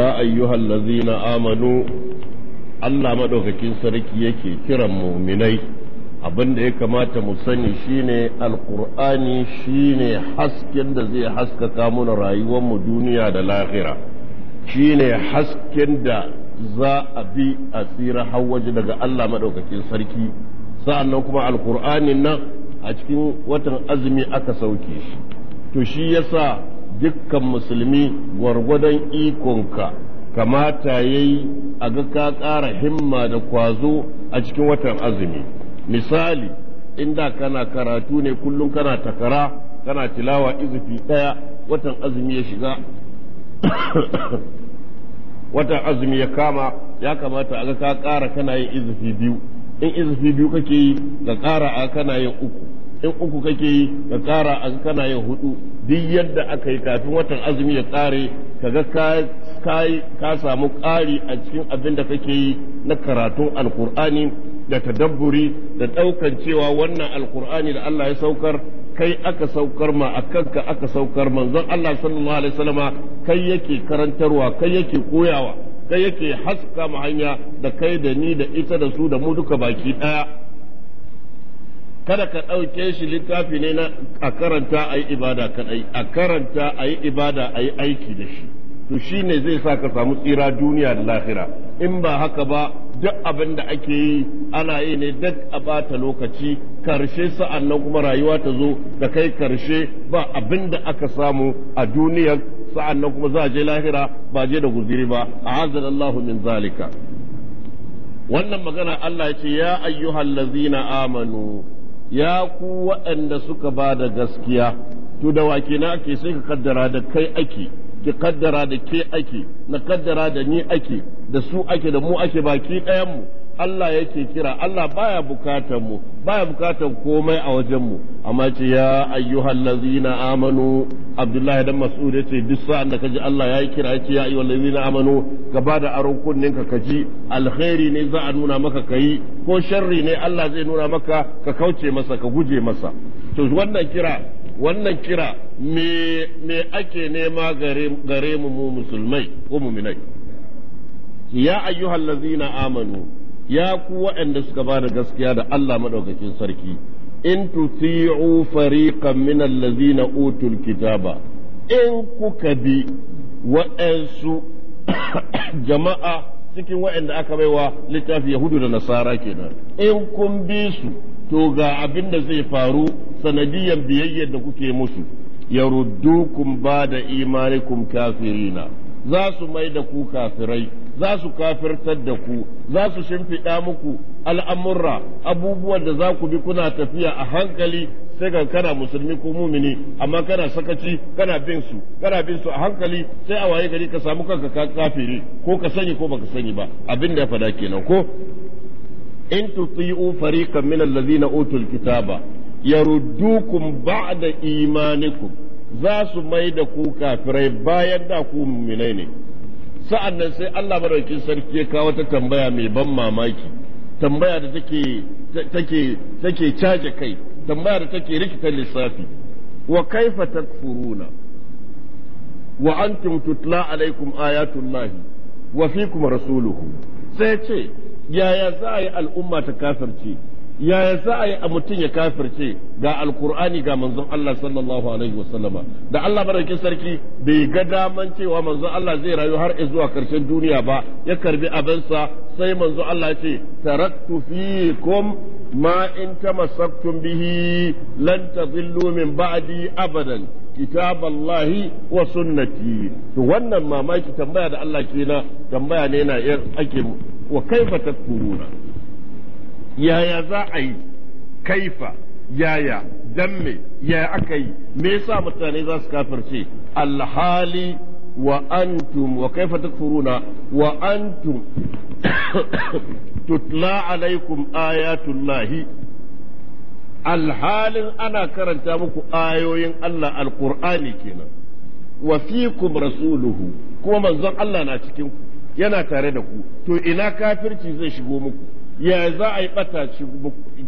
ya ayyuhal lazina amanu Allah madaukakin sarki yake kiran muminai abin da ya kamata mu sani shine alkur'ani shine hasken da zai haskaka mana mu duniya da lahira shine hasken da za a bi a tsira har waje daga Allah madaukakin sarki sa'annan kuma alqur'anin nan a cikin watan azumi aka sauke shi to shi yasa dukkan musulmi gwargwadon ikonka kamata ya yi a ga ka ƙara himma da kwazo a cikin watan azumi misali inda kana karatu ne kullum kana takara kana tilawa izifi ɗaya watan azumi ya shiga watan azumi ya kama ya kamata a ga ka ƙara kana yin izifi biyu in izifi biyu kake yi ga ƙara a kana yin uku in uku kake yi ka kara a kana yin hudu duk yadda aka yi kafin watan azumi ya kare kaga ga ka samu ƙari a cikin abin da kake yi na karatun alkur'ani da tadabburi da ɗaukan cewa wannan alkur'ani da Allah ya saukar kai aka saukar ma a kanka aka saukar manzon Allah sallallahu alaihi wasallama kai yake karantarwa kai yake koyawa kai yake haska hanya da kai da ni da ita da su da mu duka baki ɗaya kada ka ɗauke shi littafi ne na a karanta a yi ibada kaɗai a karanta a yi ibada a yi aiki da shi to shi ne zai sa ka samu tsira duniya da lahira in ba haka ba duk abin da ake yi ana yi ne duk a bata lokaci karshe sa'an nan kuma rayuwa ta zo da kai karshe ba abin da aka samu a duniya sa'an nan kuma za a je lahira ba je da guziri ba a Allahu min zalika wannan magana Allah ya ce ya ayyuhallazina amanu ya ku waɗanda suka ba da gaskiya to da wake na ake sai ka kaddara da kai ake ki kaddara da ke ake na kaddara da ni ake da su ake da mu ake baki ɗayan mu Allah yake kira Allah baya bukatan mu baya bukatan komai a wajen mu amma ce ya ayyuhal ladzina amanu Abdullahi dan Mas'ud yace duk sa'an da kaji Allah ya kira yace ya ayyuhal ladzina amanu gaba da aron kunnin ka kaji alkhairi ne za a nuna maka kai ko sharri ne Allah zai nuna maka ka kauce masa ka guje masa to wannan kira wannan kira me me ake nema gare gare mu mu musulmai ko mu'minai ya ayyuhal ladzina amanu ya ku waɗanda suka ba da gaskiya da Allah maɗaukakin sarki in tuti'u fariqan min allazina utul kitaba in kuka bi waɗansu jama'a cikin waɗanda aka baiwa littafi yahudu da nasara kenan in kun bi su to ga abin da zai faru sanadiyan biyayyar da kuke musu yaruddukum ba da imanikum kafirina za su mai da ku kafirai za su kafirtar da ku za su shimfiɗa muku al'amurra abubuwan da za ku bi kuna tafiya a hankali sai ga kana musulmi ko mumini amma kana sakaci kana bin su kana bin su a hankali sai a waye gari ka samu kanka ka kafiri ko ka sani ko baka sani ba abin da ya fada kenan ko in tuti'u fariqan min allazina utul kitaba yaruddukum da imanikum za su mai da ku kafirai bayan da ku muminai ne sa'an nan sai Allah maraukin sarki ya kawo ta tambaya mai ban mamaki tambaya da take caje kai tambaya da take rikita lissafi wa kaifa takfuruna wa antum tutla alaikum ayatullahi wa fikum rasuluhu sai ce yaya za a yi al'umma ta kasarce yaya za a yi a mutum ya kafirce ga alkur'ani ga manzon Allah sallallahu alaihi wasallama da Allah barakin sarki bai ga daman cewa manzon Allah zai rayu har zuwa karshen duniya ba ya karbi abinsa sai manzon Allah ce taraktu fiikum ma in tamassaktum bihi lan tadhillu min ba'di abadan kitaballahi wa sunnati to wannan mamaki tambaya da Allah kenan tambaya ne na ake wa kaifa tadkuruna yaya za a yi kaifa yaya dan ya yaya aka yi me yasa mutane za su kafirce alhali wa antum wa kaifa takfuruna wa antum tutla alaikum ayatullahi alhalin ana karanta muku ayoyin Allah alqur'ani kenan wa fiikum rasuluhu kuma manzon Allah na cikin ku yana tare da ku to ina kafirci zai shigo muku ya za a yi bata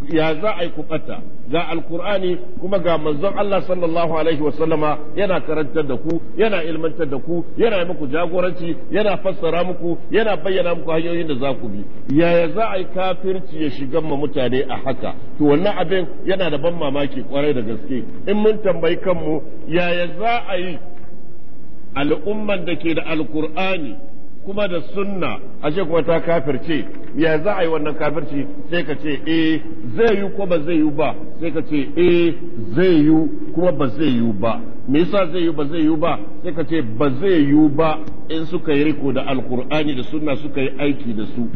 ya za a yi ku bata ga alkur'ani kuma ga manzon Allah sallallahu alaihi wasallama yana karantar da ku yana ilmantar da ku yana muku jagoranci yana fassara muku yana bayyana muku hanyoyin da za ku bi yaya za a yi kafirci ya shiga ma mutane a haka to wannan abin yana da ban mamaki kwarai da gaske in mun tambayi kanmu yaya za a yi al'umman da ke da alkur'ani kuma da sunna ashe kuma ta kafirce ya za a yi wannan kafirci sai ka ce eh zai yi ko ba zai yi ba sai ka ce eh zai yi kuma ba zai yi ba me yasa zai yi ba zai yi ba sai ka ce ba zai yi ba in suka yi riko da alkur'ani da sunna suka yi aiki da su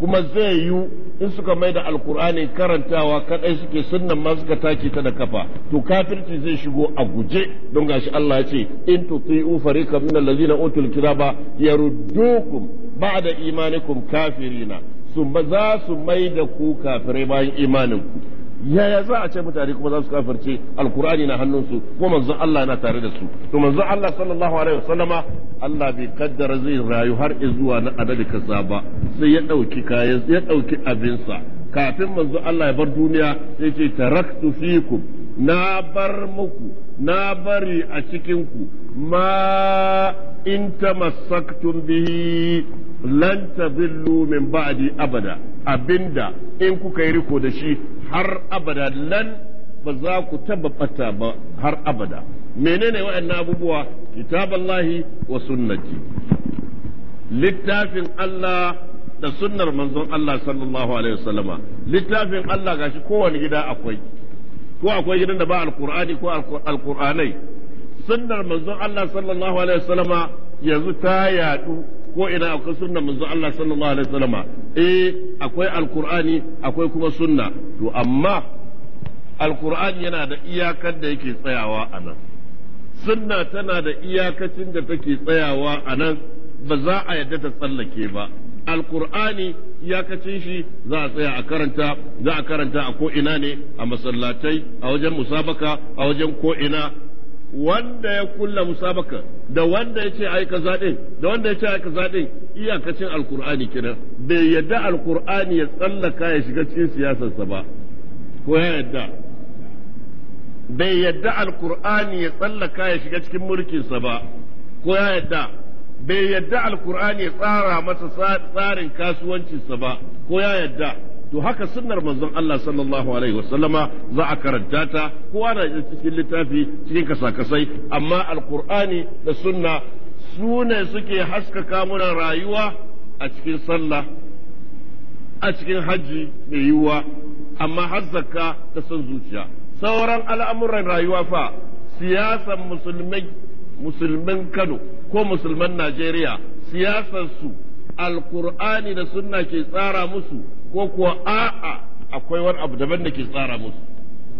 kuma zai yiwu in suka mai da alkur'ani karantawa kadai suke sunnan ma suka take ta da kafa to kafirci zai shigo a guje don gashi Allah ya ce in tuti'u fariqan min allazina utul kitaba yaruddukum ba'da imanikum kafirina su za su mai da ku kafirai bayan imanin ku yaya za a ce mutane kuma za su kafirce alkur'ani na hannunsu kuma manzon Allah yana tare da su to manzon Allah sallallahu alaihi wasallama Allah bai kaddara zai rayu har zuwa na adadi kasa ba sai ya dauki ya dauki abinsa kafin manzon Allah ya bar duniya sai ce taraktu fikum na bar muku na bari a cikinku ma in tamassaktum bihi lan tadillu min ba'di abada abinda in kuka yi riko da shi har abada lan ba za ku taba bata ba har abada menene waɗannan abubuwa kitaballahi wa sunnati littafin Allah da sunnar manzon Allah sallallahu alaihi wasallama littafin Allah gashi kowane gida akwai ko akwai gidan da ba alqur'ani ko alqur'anai sunnar manzon Allah sallallahu alaihi wasallama yanzu ta yadu ko ina akwai sunnar manzon Allah sallallahu alaihi wasallama eh akwai alqur'ani akwai kuma sunna to amma alqur'ani yana da iyakar da yake tsayawa a nan sunna tana da iyakacin da take tsayawa a nan ba za a yadda ta tsallake ba alkur'ani iyakacin shi za a tsaya a karanta za a karanta a ko'ina ne a masallatai a wajen musabaka a wajen ko'ina wanda ya kulla musabaka da wanda ya ce ai kaza din da wanda ya ce ai kaza din iyakacin alkur'ani kenan bai yadda alkur'ani ya tsallaka ya shiga cikin siyasarsa ba ko ya yadda bai yadda alkur'ani ya tsallaka ya shiga cikin mulkinsa ba ko ya yadda bai yadda alkur'ani ya tsara masa tsarin kasuwancinsa ba ko ya yadda to haka sunnar manzon Allah sallallahu alaihi wasallama za a karanta ta kowa na cikin littafi cikin kasakasai amma alkur'ani da sunna su ne suke haskaka muna rayuwa a cikin sallah a cikin hajji mai yiwuwa amma har zakka ta son zuciya sauran al'amuran rayuwa fa siyasan musulmai musulman Kano ko musulman Najeriya siyasarsu alkur'ani da sunna ke tsara musu ko kuwa a'a akwai wani abu daban da ke tsara musu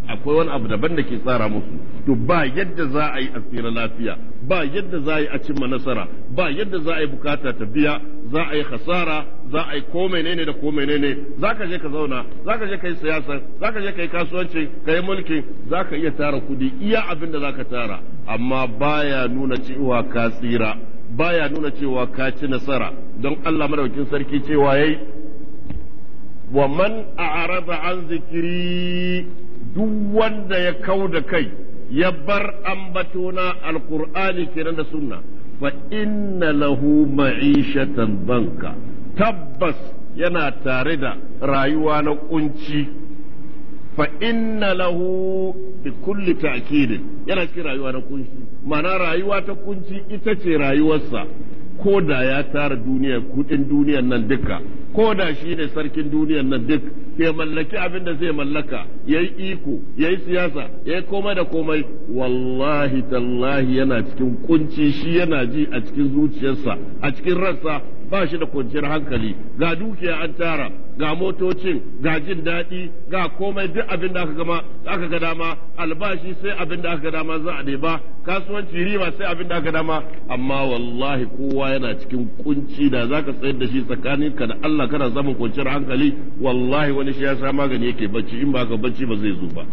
akwai wani abu daban da ke tsara musu to ba yadda za a yi asira lafiya ba yadda za a yi a cimma nasara ba yadda za a yi bukata ta biya za a yi hasara za a yi ko menene da ko menene za ka je ka zauna za ka je ka yi siyasa za ka je ka yi kasuwanci ka yi mulki za ka iya tara kudi iya abin da za ka tara amma baya nuna cewa ka tsira baya nuna cewa ka ci nasara don Allah madaukin sarki cewa yayi wa man a'rada an zikiri duk wanda ya kau da kai ya bar ambato ambatona alkur'ani kenan da sunna fa inna lahu ma'ishatan banka tabbas yana tare da rayuwa na kunci fa inna lahu bi kulli ta'kid yana cikin rayuwa na kunci ma'ana rayuwa ta kunci ita ce rayuwarsa ko da ya tara duniya kudin duniyar nan duka ko da shi ne sarkin duniyar nan duk ya mallaki abin da zai mallaka ya yi iko ya yi siyasa ya yi komai da komai wallahi tallahi yana cikin kunci shi yana ji a cikin zuciyarsa a cikin rassa. ba shi da kwanciyar hankali ga dukiya an tara ga motocin ga jin daɗi ga komai duk abin da aka ga dama albashi sai abin da aka ga dama za a ba, kasuwanci riba sai abin da aka dama amma wallahi kowa yana cikin kunci da za ka tsayar da shi tsakanin ka da Allah kana zama kwanciyar hankali wallahi wani shi ya sa magani yake bacci in ba ka bacci ba zai zo ba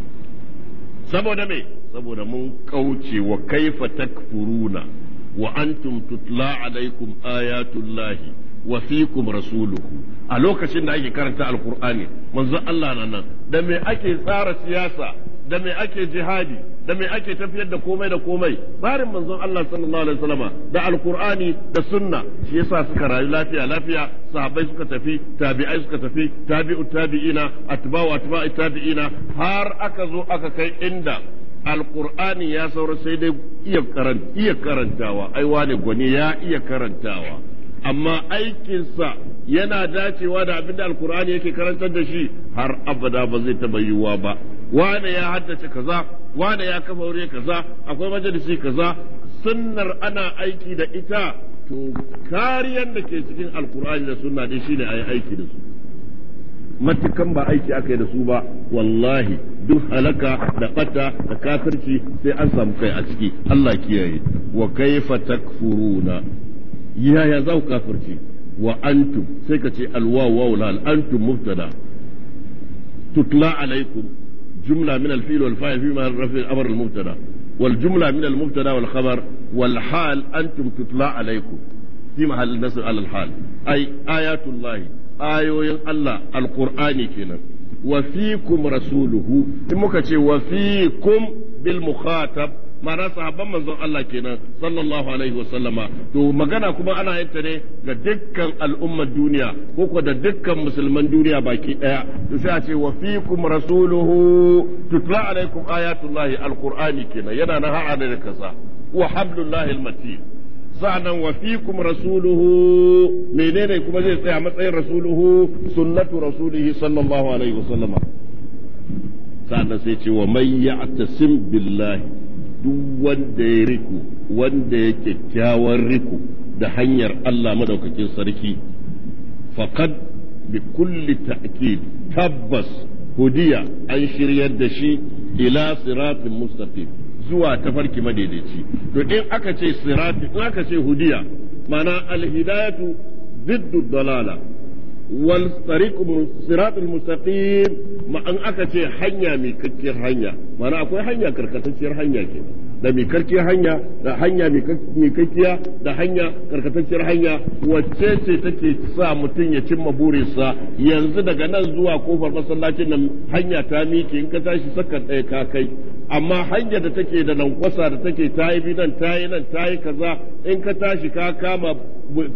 saboda me saboda mun kauce wa kaifa takfuruna wa antum alaikum ayatullahi wa fikum rasuluhu a lokacin da ake karanta alkur'ani manzo Allah na nan da me ake tsara siyasa da me ake jihadi da me ake tafiyar da komai da komai barin manzon Allah sallallahu alaihi wasallama da alkur'ani da sunna shi yasa suka rayu lafiya lafiya sahabbai suka tafi tabi'ai suka tafi tabi'u tabi'ina atba'u atba'i tabi'ina har aka zo aka kai inda alkur'ani ya saura sai dai iya karantawa ai wane gwani ya iya karantawa amma aikinsa yana dacewa da abin da alkur'ani yake karantar da shi har abada ba zai taɓa yiwuwa ba wane ya haddace kaza wane ya kafa wuri kaza akwai majalisi kaza sunnar ana aiki da ita to kariyar da ke cikin alkur'ani da sunna dai shine a aiki da su matukan ba aiki aka yi da su ba wallahi duk halaka da bata da kafirci sai an samu kai a ciki Allah kiyaye wa kaifa takfuruna yaya za ku kafirci wa antum sai ka ce alwawu wawu lal antum mubtada tutla alaikum jumla min alfil wal fa'il fi ma rafi al-amr al-mubtada wal jumla min al-mubtada wal khabar wal hal antum tutla alaikum fi mahall nasr al-hal ay ayatullahi ayoyin Allah al kenan wa fikum rasuluhu in muka ce wa fikum bil mukhatab ma'ana sahabban manzon Allah kenan sallallahu alaihi wa sallama to magana kuma ana yin ta ne ga dukkan al'ummar duniya ko ko da dukkan musulman duniya baki ɗaya to sai a ce wa fikum rasuluhu tutla alaikum ayatullahi alkur'ani kenan yana nan ha'a da kaza wa hablullahi almatin sa'annan wa rasuluhu menene kuma zai tsaya matsayin rasuluhu sunnatu rasulihi sallallahu alaihi wasallama sa'annan sai ce wa man ya'tasim billahi duk wanda ya riku wanda ya kyakkyawan riku da hanyar Allah madaukakin sarki faqad bi kulli ta'kid tabbas hudiya an shiryar da shi ila siratin mustaqim zuwa tafarki madaidaici to in aka ce sirati in aka ce hudiya ma'ana alhidayatu ziddu dalala wal siratul mustaqim ma an aka ce hanya mai kakkiyar hanya ma'ana akwai hanya karkatacciyar hanya kenan da karki hanya da hanya kakkiya da hanya karkatacciyar hanya wacce ce take sa mutum ya cimma burinsa yanzu daga nan zuwa kofar masallacin nan hanya ta miƙe in ka tashi saka ɗaya ka kai amma hanyar da take da lankwasa da take ta yi nan ta yi nan ta yi kaza in ka tashi ka kama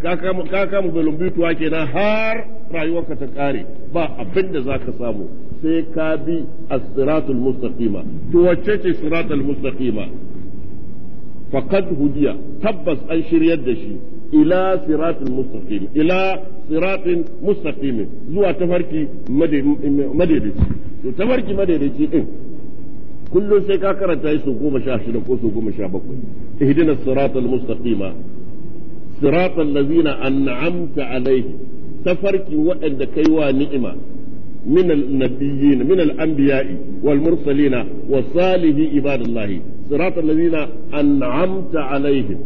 ka kama bituwa kenan har rayuwarka ta kare ba abin da za ka samu sai ka bi as-siratul mustaqima to wacce ce siratul mustaqima fakat hudiya tabbas an shiryar da shi ila siratul mustaqim ila siratin mustaqim zuwa tafarki madaidaici to tafarki madaidaici din kullum sai ka karanta su goma sha shida ko su goma sha bakwai ihdina siratal mustaqima siratal ladzina an'amta alaihi tafarkin waɗanda kai wa ni'ima min al-nabiyyin min al-anbiya'i wal mursalina was salihi ibadallahi صراط الذين أنعمت عليهم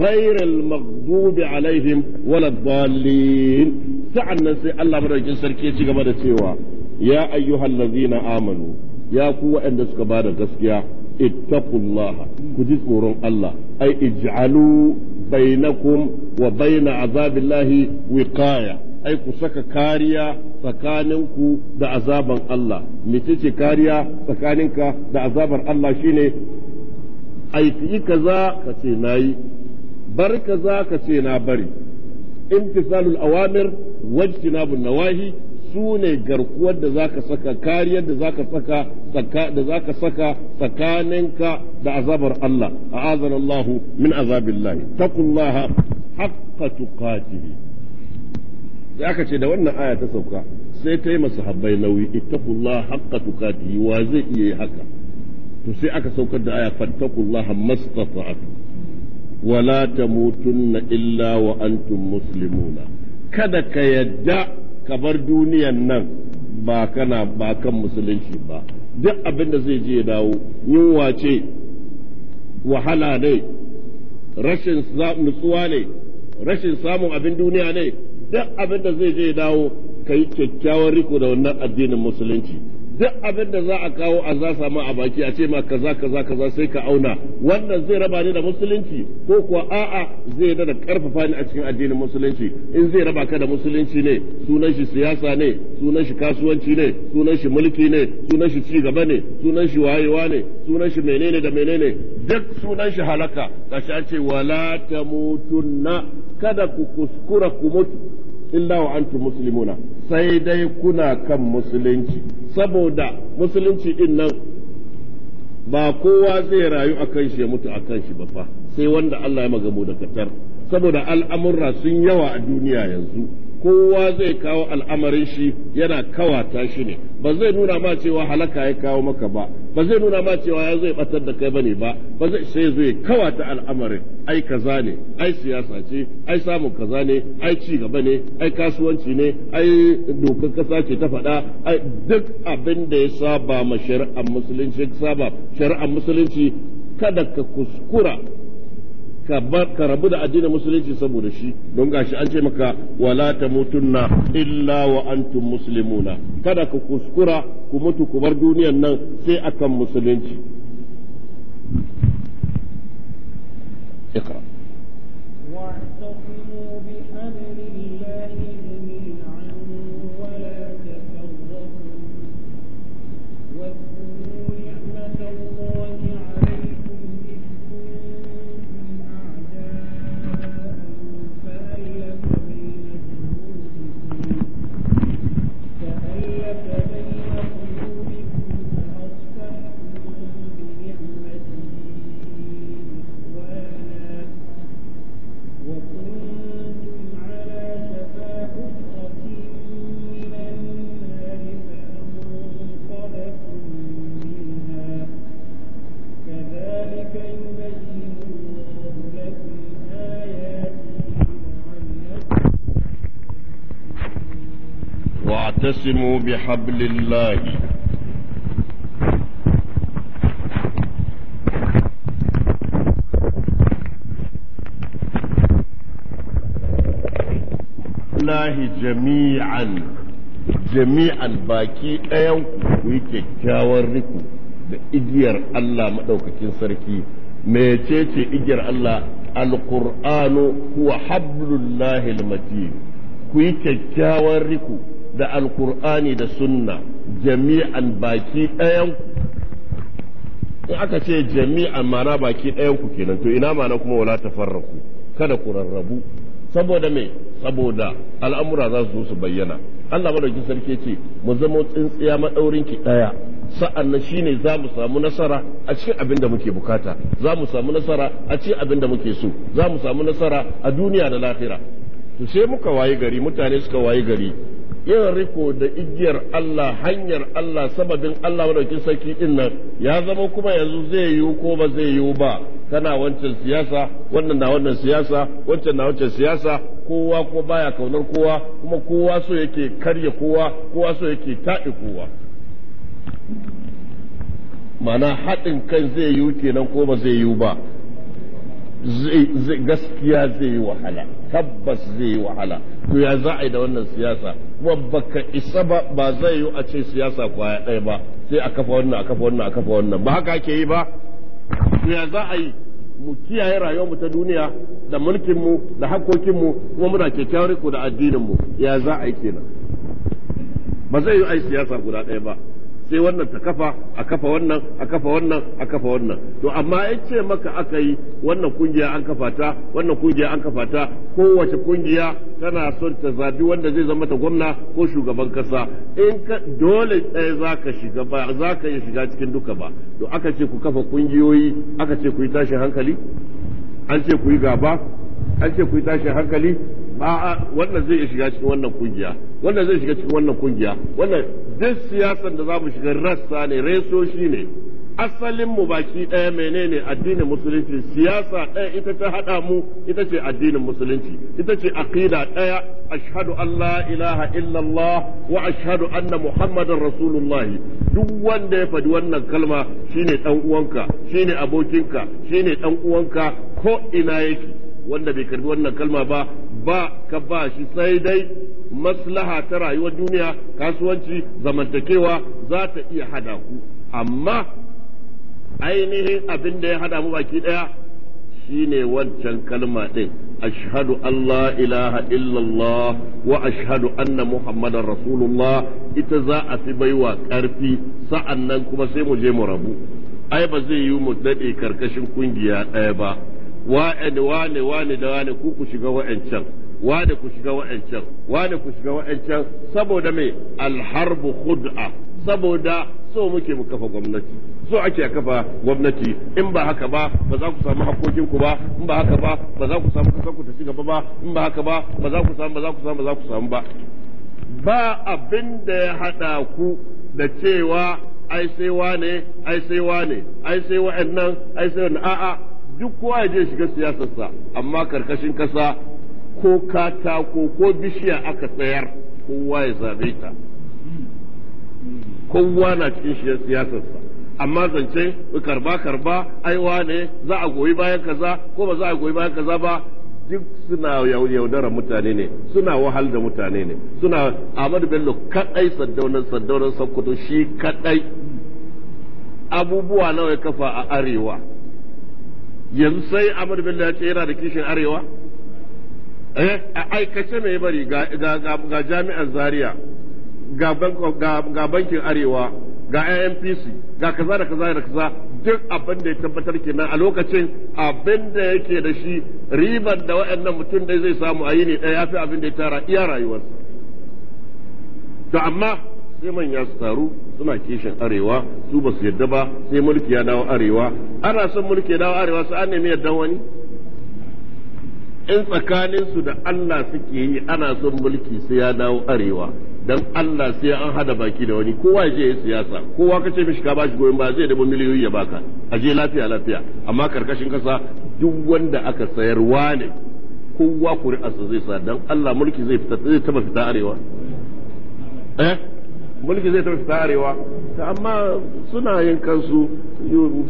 غير المغضوب عليهم ولا الضالين سعنا سي الله مرجين سركي سيغبا سيوا يا أيها الذين آمنوا يا قوة أن سكبا قسكيا اتقوا الله كجيس الله أي اجعلوا بينكم وبين عذاب الله وقاية ai ku saka kariya tsakaninku da azaban Allah mece ce kariya tsakaninka da azabar Allah shine aiki kaza ka ce nayi bar kaza ka ce na bari intisalul awamir na nawahi su ne garkuwar da zaka saka kariyar da zaka saka da saka tsakaninka da azabar Allah a'azana Allah min azabillahi taqullaha haqqa tuqatihi da aka ce da wannan aya ta sauka sai ta yi masahabbai nauyi ittaqullaha haqqa tuqatihi wa zai iya haka to sai aka saukar da aya fattakullaha mastata'tu wala tamutunna illa wa antum muslimuna kada ka yadda ka bar duniyan nan ba kana ba kan musulunci ba duk abin da zai je dawo yunwa ce wahala ne rashin nutsuwa ne rashin samun abin duniya ne duk abin da zai je dawo ka yi kyakkyawar riko da wannan addinin musulunci duk abin da za a kawo a za samu a baki a ce ma kaza kaza kaza sai ka auna wannan zai raba ni da musulunci ko kuwa a'a zai da da karfafa ni a cikin addinin musulunci in zai raba ka da musulunci ne sunan shi siyasa ne sunan shi kasuwanci ne sunan shi mulki ne sunan shi ci gaba ne sunan shi wayewa ne sunan shi menene da menene duk sunan shi halaka kashi an ce wala tamutunna kada ku kuskura ku mutu illa wa antum muslimuna sai dai kuna kan musulunci saboda musulunci din nan ba kowa zai rayu a kan shi ya mutu a shi ba fa sai wanda Allah ya magamu da katar saboda al'amurra sun yawa a duniya yanzu kowa zai kawo al'amarin shi yana kawata shi ne ba zai nuna ma cewa halaka ya kawo maka ba ba zai nuna ma cewa ya zai batar da kai ba ne ba ba zai sai zai kawata al'amarin ai kaza ne ai siyasa ce ai samun kaza ne ai ci gaba ne ai kasuwanci ne ai dokar kasa ce ta faɗa ai duk abin da ya saba ma shari'ar musulunci saba shari'ar musulunci kada ka kuskura ka rabu da addinin musulunci saboda shi don gashi an ce maka wala mutunna illa wa antum muslimuna kada ku kuskura ku mutu ku bar duniyar nan sai akan musulunci اعتصموا بحبل الله الله جميعا جميعا باكي ايو ويكتاور ركو اجير الله مدوك ما ميتيتي اجير الله القرآن هو حبل الله المتين كوي كتاور ركو da alkur'ani da sunna jami'an baki ɗayan in aka ce jami'an mana baki ɗayan ku kenan to ina mana kuma wala tafarraku kada ku rarrabu saboda me saboda al'amura za su zo su bayyana Allah madaukin sarki ce mu zama tsintsiya maɗaurin ki ɗaya sa'an nan shine za mu samu nasara a cikin abin da muke bukata za mu samu nasara a cikin abin da muke so za mu samu nasara a duniya da lahira to sai muka wayi gari mutane suka wayi gari yin riko da igiyar Allah hanyar Allah sababin Allah madaukin sarki din nan ya zama kuma yanzu zai yiwu ko ba zai yiwu ba kana wancan siyasa wannan na wannan siyasa wancan na wancan siyasa kowa ko baya kaunar kowa kuma kowa so yake karya kowa kowa so yake taɗi kowa mana haɗin kan zai yiwu kenan ko ba zai yiwu ba gaskiya zai yi wahala tabbas zai yi wahala to ya za a yi da wannan siyasa wabba baka isa ba ba zai yi a ce siyasa kwaya ɗaya ba sai a kafa wannan a kafa wannan a kafa wannan ba haka ake yi ba ya za a yi mu kiyaye mu ta duniya da mulkinmu da mu kuma muna kyakkyawar riko da mu ya za a yi kenan ba zai yi a siyasa guda ɗaya ba sai wannan ta kafa a kafa wannan a kafa wannan a kafa wannan to amma in ce maka aka yi wannan kungiya an kafa ta wannan kungiya an kafa ta kowace kungiya tana son ta zabi wanda zai zama ta gwamna ko shugaban kasa in ka dole ɗaya za ka shiga ba za ka iya shiga cikin duka ba to aka ce ku kafa kungiyoyi aka ce ku yi tashin hankali an ce ku yi gaba an ce ku yi tashin hankali a'a wannan zai shiga cikin wannan kungiya wannan zai shiga cikin wannan kungiya wannan duk siyasan da mu shiga rassa ne resoshi ne asalin mu baki ɗaya menene addinin musulunci siyasa ɗaya ita ta haɗa mu ita ce addinin musulunci ita ce aqida ɗaya ashhadu an la ilaha illallah wa ashhadu anna muhammadan rasulullah duk wanda ya faɗi wannan kalma shine dan uwanka shine abokinka shine dan uwanka ko ina yake wanda bai karbi wannan kalma ba ba ka ba shi sai dai maslaha ta rayuwar duniya kasuwanci zamantakewa za ta iya hada ku amma ainihin abin da ya hada mu baki daya shine wancan kalma din ashhadu allah ilaha illallah wa ashhadu anna muhammadan rasulullah ita za a fi baiwa karfi sa'annan kuma sai mu je mu rabu ai ba zai yi mu dade karkashin kungiya daya ba wa'an wane wane da wane ku ku shiga wa'ancan wane ku shiga wa'ancan wane ku shiga wa'ancan saboda me alharbu khud'a saboda so muke mu kafa gwamnati so ake kafa gwamnati in ba haka ba ba za ku samu hakokin ku ba in ba haka ba ba za ku samu kasar ku ta ci gaba ba in ba haka ba ba za ku samu ba za ku samu ba za ku samu ba ba abin da ya hada ku da cewa ai sai wane ai sai wane ai sai wa'annan ai sai wa'annan a'a duk kowa ya je shiga siyasarsa amma karkashin kasa ko katako ko bishiya aka tsayar kowa ya zabe ta kowa na cikin shiga siyasarsa amma zance karba karba aiwa ne za a goyi bayan kaza ko ba za a goyi bayan kaza ba duk suna yaudara mutane ne suna wahal da mutane ne suna Ahmadu Bello kadai saddaunan saddaunan Sokoto shi kadai abubuwa nawa ya kafa a arewa yanzu sai amur bello ya ce yana da kishin arewa eh a aikace mai bari ga jami'ar zaria ga bankin arewa ga ANPC ga kaza da kaza da kaza duk abin da ya tabbatar kenan a lokacin abin da yake da shi ribar da waɗannan mutum da zai samu a yi ne ɗaya ya fi abin da ya tara iya rayuwarsa to amma sai manya su taru suna kishin arewa su ba su yadda ba sai mulki ya dawo arewa ana son mulki ya dawo arewa su an nemi yadda wani in tsakaninsu da Allah suke yi ana son mulki sai ya dawo arewa dan Allah sai an hada baki da wani kowa je yi siyasa kowa ka ce mishi ka bashi goyon ba zai dabo miliyoyi ya baka a je lafiya lafiya amma karkashin kasa duk wanda aka sayarwa ne kowa kuri'arsa zai sa dan Allah mulki zai fita zai taba fita arewa eh mulki zai tafi ta amma suna yin kansu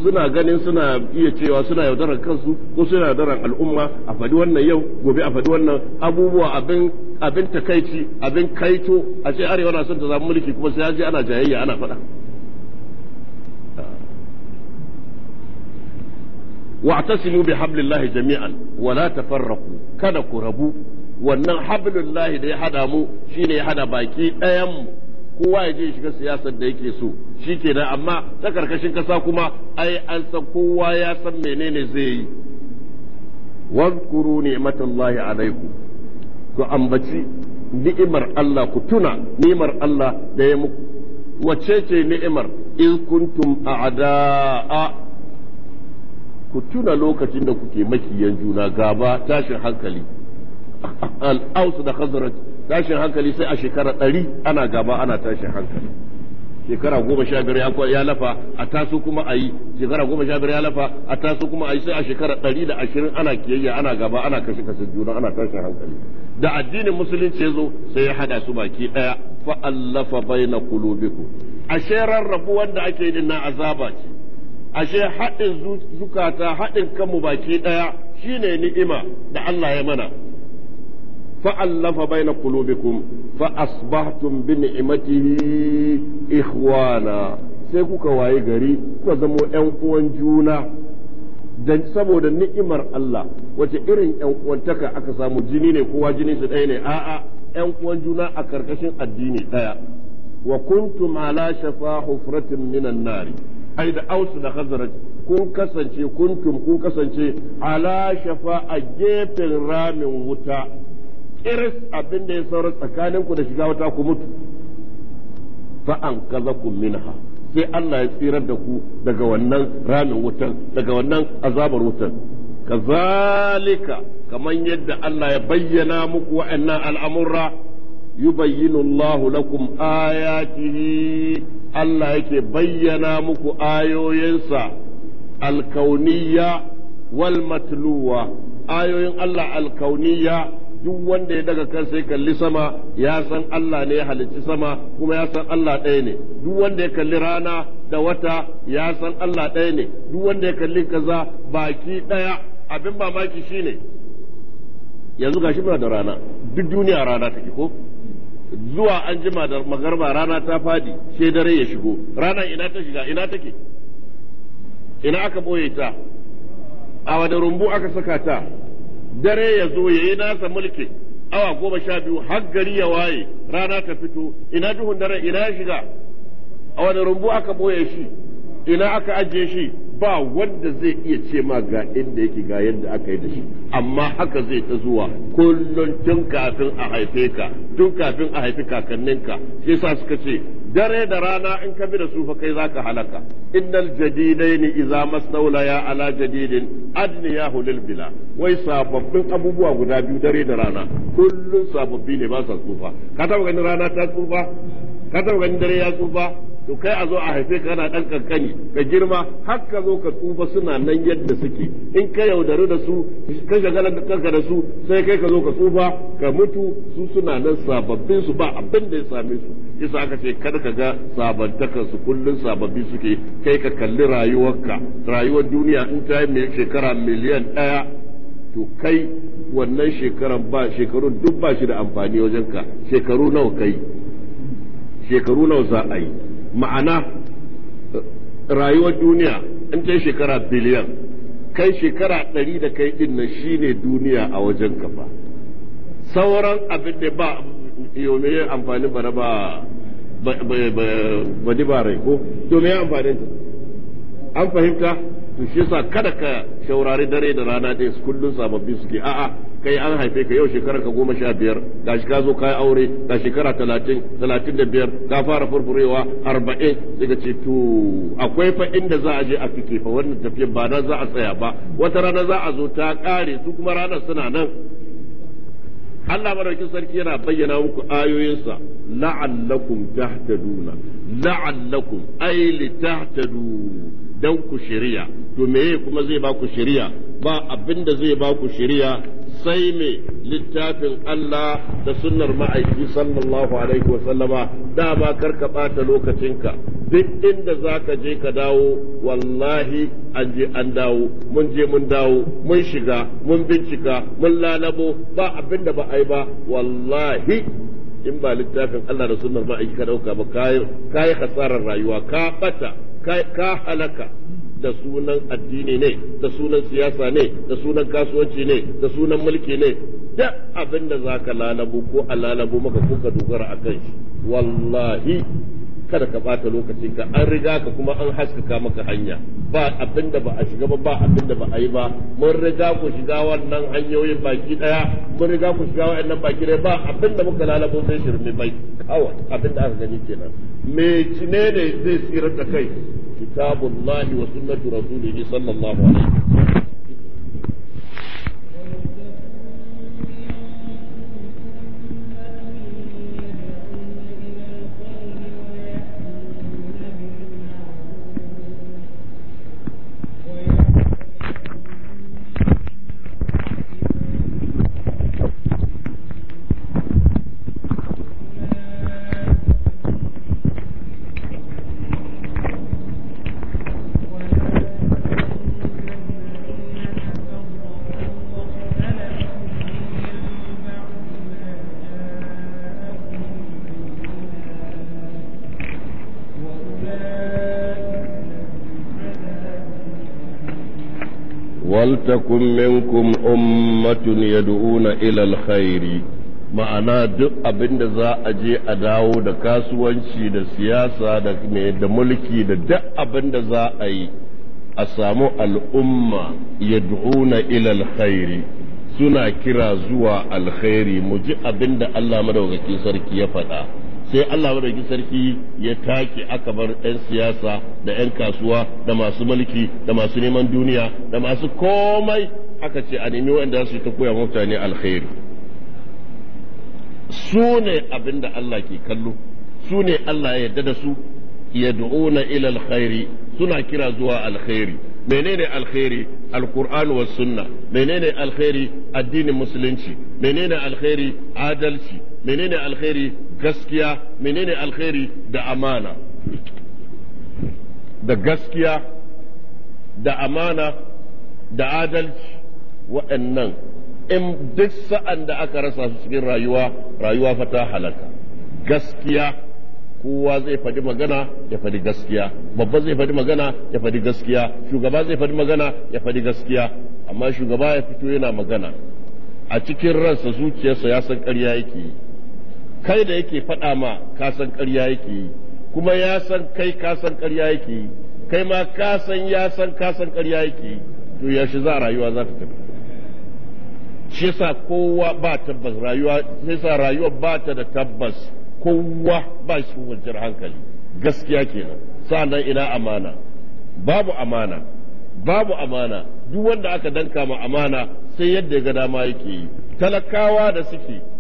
suna ganin suna iya cewa suna yaudarar kansu ko suna yaudarar al'umma a faɗi wannan yau gobe a faɗi wannan abubuwa abin abin takaici abin kaito a ce arewa na son ta zama mulki kuma sai je ana jayayya ana faɗa واعتصموا بحبل الله جميعا ولا تفرقوا kada ku rabu wannan hablillahi da ya hada mu shine ya hada baki ɗayan mu kowa ya je shiga siyasar da yake so shi kenan amma ta karkashin kasa kuma ai an san kowa ya san menene zai yi wazkuru ni'matallahi alaikum ku ambaci ni'imar Allah ku tuna ni'imar Allah da ya muku wace ce ni'imar in kuntum a'da'a ku tuna lokacin da kuke makiyan juna gaba tashin hankali al-aus da khazraj tashin hankali sai a shekara ɗari ana gaba ana tashin hankali shekara goma sha biyar ya lafa a taso kuma a yi shekara goma sha biyar ya lafa a taso kuma a yi sai a shekara ɗari da ashirin ana kiyayya ana gaba ana kashe kashe juna ana tashin hankali da addinin musulunci ya zo sai ya hada su baki ɗaya allafa baina qulubikum ashe rarrabu wanda ake yi na azaba ce ashe haɗin zukata haɗin kanmu baki ɗaya shine ni'ima da Allah ya mana فألف بين قلوبكم فأصبحتم بنعمته إخوانا sai kuka wayi gari kuka zamo ‘yan uwan juna dan saboda ni'imar Allah wace irin ‘yan uwantaka aka samu jini ne kowa jini su ɗaya ne a'a ‘yan uwan juna a karkashin addini ɗaya wa kuntum ala shafa hufratin minan nari ai da ausu da khazraj kun kasance kuntum kun kasance ala shafa a gefen ramin wuta iris abin da ya saura tsakanin ku da shiga wata ku mutu fa an kaza ku minha sai Allah ya tsirar da ku daga wannan ramin wutan daga wannan azabar wutan kazalika kamar yadda Allah ya bayyana muku wa'annan al'amurra yubayyinu Allahu lakum ayatihi Allah yake bayyana muku ayoyinsa alkauniyya wal matluwa ayoyin Allah alkauniyya duk wanda ya daga kansa ya kalli sama ya san Allah ne ya halicci sama kuma ya san Allah ɗaya ne duk wanda ya kalli rana da wata ya san Allah ɗaya ne duk wanda ya kalli kaza baki ɗaya abin mamaki ne. yanzu gashi shi da rana duk duniya rana take ko zuwa an jima da magarba rana ta fadi sai dare ya shigo rana ina ta shiga ina take ina aka boye ta a wada rumbu aka saka ta dare ya zo ya yi nasa mulki awa goma sha biyu har gari ya waye rana ta fito ina duhun dare ina ya shiga a wani rumbu aka boye shi ina aka ajiye shi ba wanda zai iya ce ma ga inda yake ga yadda aka yi da shi amma haka zai ta zuwa kullum tun kafin a haife ka tun kafin a haifi kakanninka shi yasa suka ce dare da rana in ka bi da su fa kai zaka halaka innal jadidaini idza masnawla ya ala jadidin adniyahu lil bila wai sababbin abubuwa guda biyu dare da rana kullun sababbi ne ba sa tsufa ka taba ganin rana ta tsufa ka taba ganin dare ya tsufa to kai a zo a haife ka na dan kankani ka girma har ka zo ka tsufa suna nan yadda suke in ka yaudari da su ka shagala da kanka da su sai kai ka zo ka tsufa ka mutu su suna nan sababbin su ba abin da ya same su isa aka ce kada ka ga sabantakan su kullun sababbi suke kai ka kalli rayuwarka rayuwar duniya in ta yi shekara miliyan ɗaya to kai wannan shekaran ba shekarun duk ba shi da amfani wajenka shekaru nawa kai shekaru nawa za a yi ma'ana rayuwar duniya in kai shekara biliyan kai shekara ɗari da kai ɗin nan shi ne duniya a wajen kafa sauran abin da ba yome ya amfani bara ba ba rai ko to me amfani ta an fahimta to shi yasa kada ka shaurari dare da rana ɗaya kullum sababbi suke a'a kai an haife ka yau shekarar ka goma sha biyar gashi ka zo kai aure ga shekara talatin talatin da biyar ka fara furfurewa arba'in daga ce to akwai fa inda za a je a fike fa wannan tafiyar ba na za a tsaya ba wata rana za a zo ta kare su kuma ranar suna nan Allah madaukin sarki yana bayyana muku ayoyinsa la'allakum tahtaduna la'allakum ay tahtadu dan ku shari'a to meye kuma zai ba ku shari'a ba abinda zai ba ku shari'a sai me littafin Allah da sunnar ma'aiki sallallahu alaihi wa sallama dama karka ka ɓata ka duk inda za ka je ka dawo wallahi an je an dawo mun je mun dawo mun shiga mun bincika mun lalabo ba abin da ba a yi ba wallahi in ba littafin Allah da sunnar ma'aiki ka ɗauka ba kayi hasarar rayuwa ka ɓata ka halaka da sunan addini ne da sunan siyasa ne da sunan kasuwanci ne da sunan mulki ne da abin da za ka lalabo ko a lalabo maka ko ka dogara a kan shi wallahi kada ka ɓata ka an riga ka kuma an haskaka maka hanya ba abin da ba a shiga ba ba abin da ba a yi ba mun riga ku shiga wannan hanyoyin baki daya mun riga ku shiga wannan baki daya ba abin da muka lalabo sai shirme bai kawai abin da aka gani kenan me cine ne zai tsira da kai كتاب الله وسنة رسوله صلى الله عليه وسلم ولتكن منكم أمة يدعون إلى الخير ma'ana duk abin da za a je a dawo da kasuwanci da siyasa da ne da mulki da duk abin da za a yi a samu al'umma ya du'una ilal khairi suna kira zuwa alkhairi mu ji abin da Allah madaukakin sarki ya faɗa. sai Allah madaukakin sarki ya take aka bar 'yan siyasa da 'yan kasuwa da masu mulki da masu neman duniya da masu komai aka ce a nemi wanda su ta koya mutane alkhairi su ne abin da Allah ke kallo su ne Allah ya yarda da su yad'una ila alkhairi suna kira zuwa alkhairi menene alkhairi alquran was sunna menene alkhairi addinin musulunci menene alkhairi adalci menene alkhairi gaskiya menene alkhairi da amana da gaskiya da amana da adalci waɗannan in duk sa'an da aka rasa su cikin rayuwa rayuwa fa ta halaka gaskiya kowa zai faɗi magana ya faɗi gaskiya babba zai faɗi magana ya faɗi gaskiya shugaba zai faɗi magana ya faɗi gaskiya amma shugaba ya fito yana magana a cikin ransa zuciyarsa ya san ƙarya yake yi kai da yake faɗa ma ka san ƙarya yake yi kuma ya san kai ka san ƙarya yake yi kai ma ka san ya san ka san ƙarya yake yi to yaushe za rayuwa za ta tafi shi sa kowa ba tabbas rayuwa shi sa rayuwa ba ta da tabbas kowa ba shi kwanciyar hankali gaskiya kenan sa'an ina amana babu amana babu amana duk wanda aka danka ma amana sai yadda ya ga dama yake yi talakawa da suke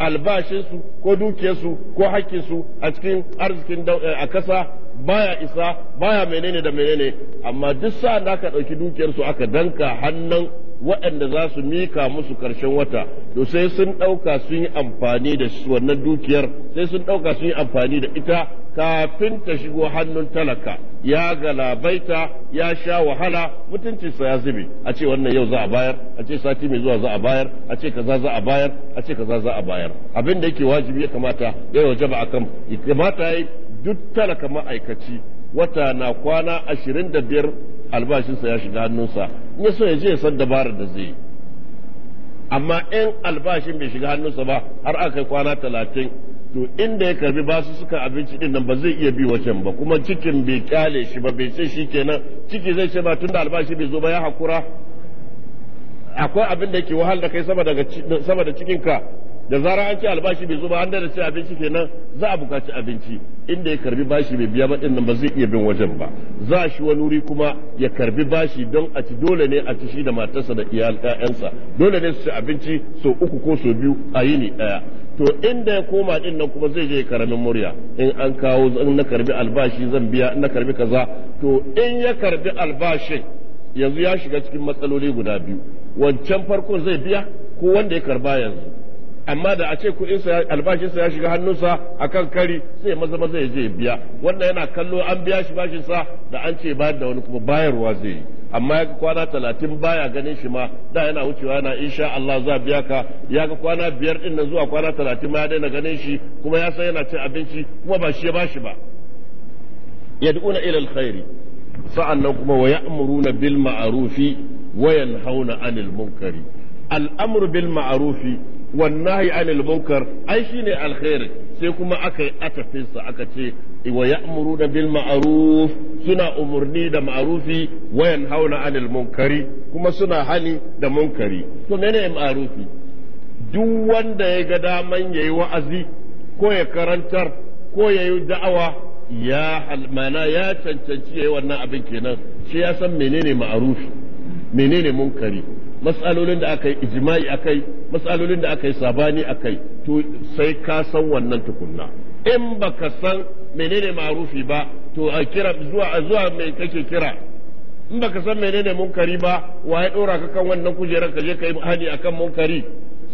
albashinsu ko dukiyarsu ko hakkinsu a cikin arzikin eh, a kasa baya isa baya menene da menene amma duk sa'an da aka ɗauki dukiyarsu aka danka hannun waɗanda za su mika musu ƙarshen wata to sai sun ɗauka sun yi amfani da wannan dukiyar sai sun ɗauka sun yi amfani da ita kafin ta shigo hannun talaka ya galabaita ya sha wahala mutuncinsa ya zube a ce wannan yau za a bayar a ce sati mai zuwa za a bayar a ce kaza za a bayar a ce kaza za a bayar abin da yake wajibi ya kamata ya wajaba akan kamata ya duk talaka ma'aikaci wata na kwana ashirin da biyar albashinsa ya shiga hannunsa in ya so ya je ya san dabarar da zai amma in albashin bai shiga hannunsa ba har aka kwana talatin to inda ya karbi basu suka abinci din nan ba zai iya bi wajen ba kuma cikin bai kyale shi ba bai ce shi kenan ciki zai ce ba tunda albashi bai zo ba ya hakura akwai abin da ke wahal da kai sama da cikinka da zarar an ce albashi bai zo ba an da ce abinci kenan za a bukaci abinci inda ya karbi bashi bai biya ba din nan ba zai iya bin wajen ba za shi wani wuri kuma ya karbi bashi don a ci dole ne a ci shi da matarsa da iyal ƴaƴansa dole ne su ci abinci so uku ko so biyu a yini ɗaya to inda ya koma din nan kuma zai je karamin murya in an kawo in na karbi albashi zan biya in na karbi kaza to in ya karbi albashin yanzu ya shiga cikin matsaloli guda biyu wancan farkon zai biya ko wanda ya karba yanzu amma da a ce kuɗinsa albashinsa ya shiga hannunsa a kan kari sai maza maza ya je biya wannan yana kallo an biya shi bashinsa da an ce bayar da wani kuma bayarwa zai yi amma ya ga kwana talatin baya ganin shi ma da yana wucewa yana insha Allah za biya ka ya ga kwana biyar din nan zuwa kwana talatin ma ya daina ganin shi kuma ya san yana cin abinci kuma ba shi ya ba shi ba yad'una ila alkhairi sa'annan kuma wa ya'muruna bil ma'rufi wa yanhauna 'anil munkari al'amru bil ma'rufi wan nahyi anil munkar ai shine alkhairi sai kuma aka yi atafin aka ce wa ya'muruna bil ma'ruf suna umurni da ma'rufi wa yanhauna anil munkari kuma suna hali da munkari to menene ma'rufi duk wanda ya ga daman yayi wa'azi ko ya karantar ko yayi da'awa ya mana ya cancanci yayi wannan abin kenan shi ya san menene ma'arufi menene munkari matsalolin da aka yi a akai matsalolin da aka yi sabani akai to sai ka san wannan tukunna in ba ka san menene marufi ba to a kira zuwa zuwa mai kake kira in ba ka san menene munkari ba wa ya dora ka kan wannan kujerar ka je ka yi hani akan munkari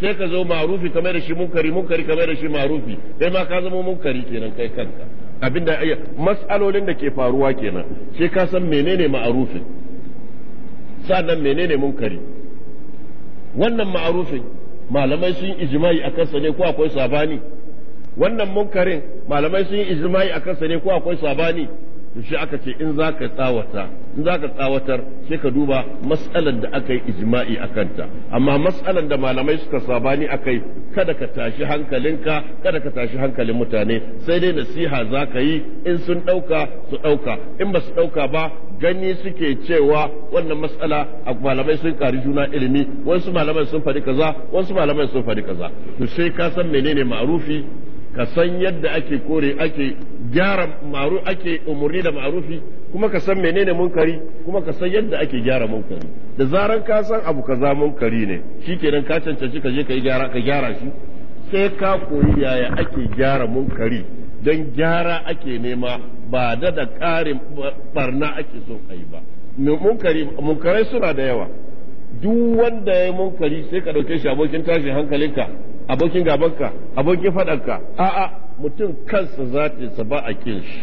sai ka zo marufi kamar da shi munkari munkari kamar da shi marufi dai ma ka zama munkari kenan kai kanka abinda iya mas'alolin da ke faruwa kenan sai ka san menene ma'arufin sannan menene munkari wannan ma'arufin malamai sun yi ijma'i a kansa ne ko akwai sabani wannan munkarin malamai sun yi ijma'i a kansa ne ko akwai sabani to shi aka ce in za ka tsawata in za ka tsawatar sai ka duba matsalar da aka yi ijma'i a kanta amma matsalar da malamai suka sabani a kai kada ka tashi hankalinka kada ka tashi hankalin mutane sai dai nasiha za ka yi in sun ɗauka su ɗauka in ba su ɗauka ba gani suke cewa wannan matsala a malamai sun ƙari juna ilimi wasu malamai sun faɗi kaza wasu malamai sun faɗi kaza to sai ka san menene maarufi. ka san yadda ake kore ake gyara maru ake umarni da marufi kuma ka san menene munkari kuma ka san yadda ake gyara munkari da zaran ka san abu ka za munkari ne shi shikenan ka cancanci ka je ka gyara ka gyara shi sai ka koyi yaya ake gyara munkari don gyara ake nema ba da da ƙarin barna ake so a yi ba munkarai suna da yawa duk wanda ya munkari sai ka ɗauke shi abokin tashin hankalinka abokin gabanka abokin faɗanka a'a mutum kansa zatinsa ba a kin shi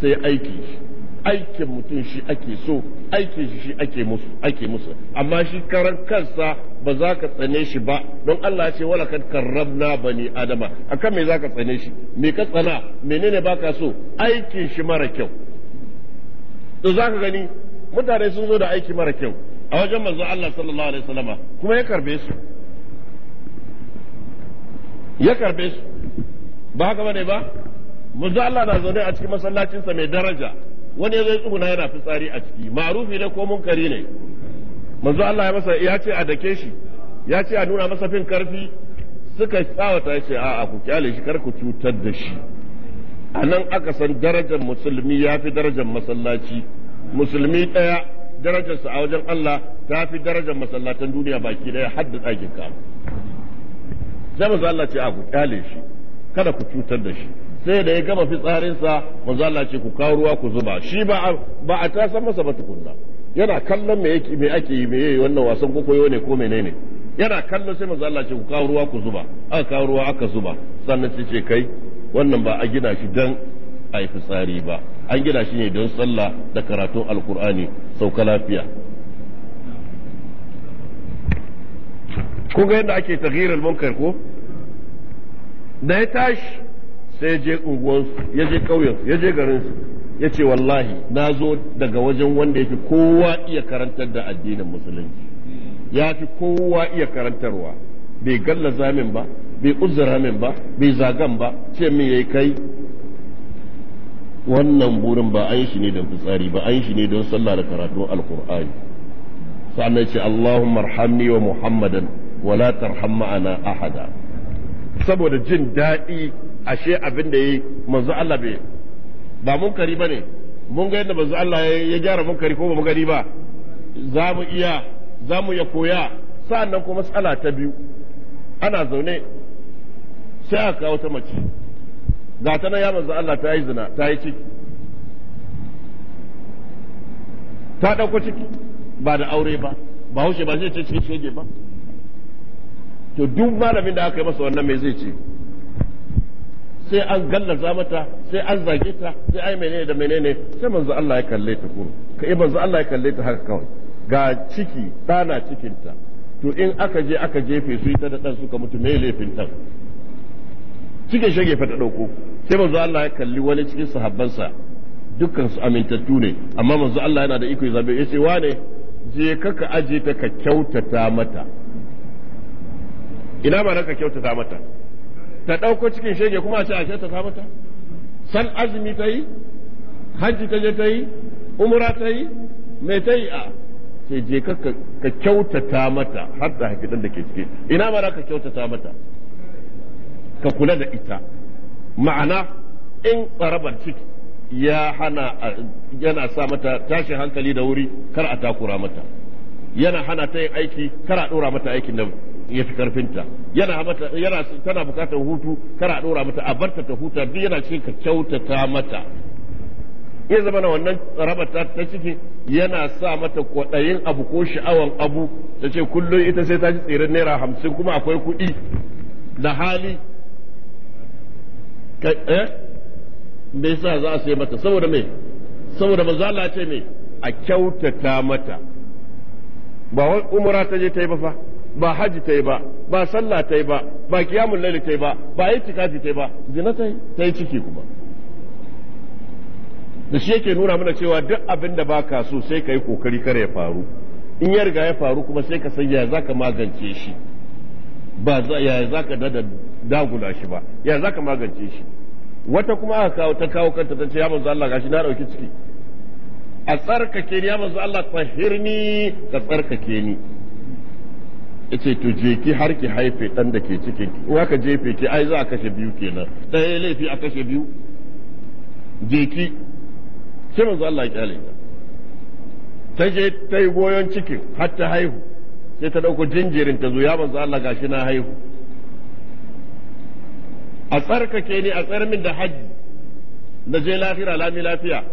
sai aiki shi aikin mutum shi ake so aikin shi ake musu ake musu amma shi karan kansa ba za ka tsane shi ba don Allah ya ce wala kad karramna bani adama akan me za ka tsane shi me ka tsana menene ba ka so aikin shi mara kyau to za ka gani mutane sun zo da aiki mara kyau a wajen manzo Allah sallallahu alaihi wasallama kuma ya karbe su ya karbe su ba haka bane ba manzo Allah na zaune a cikin masallacinsa mai daraja wani ya zo tsuguna yana fitsari a ciki marufi ne ko munkari ne manzo Allah ya masa ya ce a dake shi ya ce a nuna masa fin karfi suka tsawata ce a'a ku kyale shi kar ku cutar da shi anan aka san darajar musulmi ya fi darajar masallaci musulmi ɗaya darajarsa a wajen Allah ta fi darajar masallatan duniya baki ɗaya hadda ɗakin kama sai manzo Allah ce a ku kyale shi kada ku cutar da shi sai da ya gama fitsarinsa manzo Allah ce ku kawo ruwa ku zuba shi ba ba a ta san masa ba tukunna yana kallon me yake me ake yi me wannan wasan kokoyo ne ko menene yana kallon sai manzo Allah ce ku kawo ruwa ku zuba aka kawo ruwa aka zuba sannan sai ce kai wannan ba a gina shi dan a yi fitsari ba an gina shi ne don sallah da karatun alkur'ani sauka lafiya kun ga yadda ake tagirar munkar ko da ya tashi sai je unguwansu ya je ƙauyensu ya je garinsu ya ce wallahi na zo daga wajen wanda ya fi kowa iya karantar da addinin musulunci ya fi kowa iya karantarwa bai gallaza min ba bai uzura min ba bai zagan ba ce min yayi kai wannan burin ba an shi ne don fitsari ba an shi ne don sallah da karatun alkur'ani sannan ce allahumma arhamni wa muhammadan wala tarham ma'ana ahada saboda jin daɗi ashe abin da yi manzo Allah bai ba munkari bane mun ga yadda manzo Allah ya gyara munkari ko ba mu gani ba za mu iya za mu ya koya sa'annan kuma matsala ta biyu ana zaune sai a kawo ta mace ga ta na ya manzo Allah ta yi zina ta yi ciki ta ɗauko ciki ba da aure ba ba haushe ba zai ce ciki shege ba to duk malamin da aka yi masa wannan mai zai ce sai an gallaza mata sai an zage ta sai ai menene da menene sai manzo Allah ya kalle ta kuma yi eh, manzo Allah ya kalle ta haka kawai ga ciki cikin cikinta to in aka je aka jefe su ita da ɗan suka mutu mai laifin ta cikin shege fa ta ɗauko sai manzo Allah ya kalli wani cikin sa dukkan su amintattu ne amma manzo Allah yana da iko ya zabe ya ce wane je ka ka aje ta ka kyautata mata ina ba ka kyautata mata ta ɗauko cikin shege kuma a ce a kyautata mata san azumi ta yi hajji ta je ta yi umura ta yi mai ta yi a sai je ka ka kyautata mata har da hakidan da ke ciki ina ba ma ka kyautata mata ka kula da ita ma'ana in tsarabar ciki ya hana yana sa mata tashin hankali da wuri kar a takura mata yana hana ta yin aiki kar a dora mata aikin nan ya fi karfinta yana mata yana tana bukatar hutu kana dora mata a barta ta huta duk yana cikin ka kyautata mata ya zama na wannan rabata ta ciki yana sa mata kwaɗayin abu ko sha'awan abu ta ce kullum ita sai ta ji tseren naira hamsin kuma akwai kuɗi da hali eh me yasa za a sai mata saboda me saboda manzo ce me a kyautata mata ba wai umra ta je ta yi ba fa ba haji ta yi ba ba sallah ta yi ba ba kiyamun laili ta yi ba ba yi ta yi ba zina ta yi ta yi ciki kuma da shi yake nuna mana cewa duk abin da baka so sai ka yi kokari kar ya faru in ya riga ya faru kuma sai ka san ya za ka magance shi ba ya za ka dada dagula shi ba ya za ka magance shi wata kuma aka kawo ta kawo kanta ta ce ya manzo Allah gashi na dauki ciki a tsarkake ni ya manzo Allah tsahirni ka tsarkake ni yace to je ki har ki haife dan da ke cikin ki uwa ka jefe ki ai za a kashe biyu kenan ɗaya laifi a kashe biyu je ki sai manzo Allah ya kyale ta je ta yi goyon cikin har ta haihu sai ta ɗauko jinjirin ta zo ya manzo Allah gashi na haihu a tsarkake ni a tsar min da haji na je lahira lami lafiya